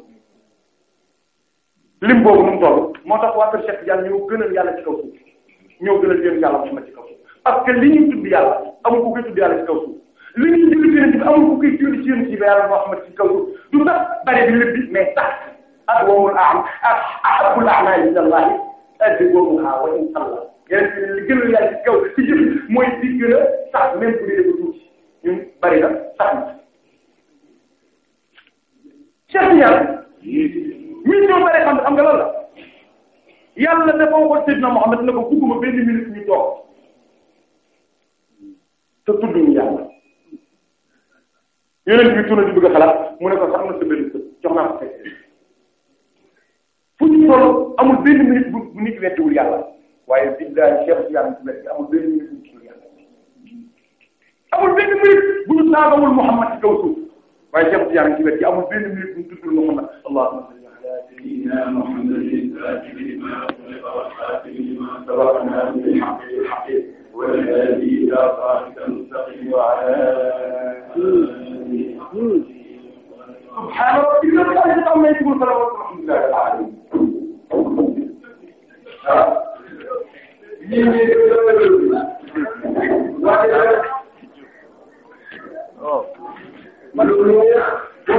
lim boobu nu mu toll moo tax waa Kër Cheikh Yàlla ñoo gënal yàlla ci kaw suuf ñoo gënal yéen yàlla ma ci kaw suuf parce que li ñuy tudd yàlla amul ku koy tudd yàlla ci kaw suuf li ñuy julli ci yéen amul ku koy julli ci yéen ci yàlla moo xam ci kaw suuf du sax bari bi lépp bi mais sax ak wowul am ak ak akul aanaay bi dallaay addi boobu xaawa inshallah yéen li gën a yaay ci kaw ci jëf mooy di gën a sax même bu dee dafa tuuti ñun bari na sax na. Cheikh Niang la yàlla dafa waxoon Seydina Muhammad ne ko bugguma benn minute ñu toog te tudd ñu yàlla yeneen bi tuuna di bëgg a xalaat mu ne ko sax na sa benn sët jox naa ko fekk fu ñu toll amul benn waaye billahi Cheikh Tidiane amul benn minute bu dul yàlla amul benn minute bu ñu saagawul Muhammad ci kaw suuf waaye Cheikh Tidiane ci wet gi amul benn minute bu ñu tuddul Muhammad allahumma salli ala sayyidina Muhammadin subhaana rabbika rabbil izzati amma yasifun lii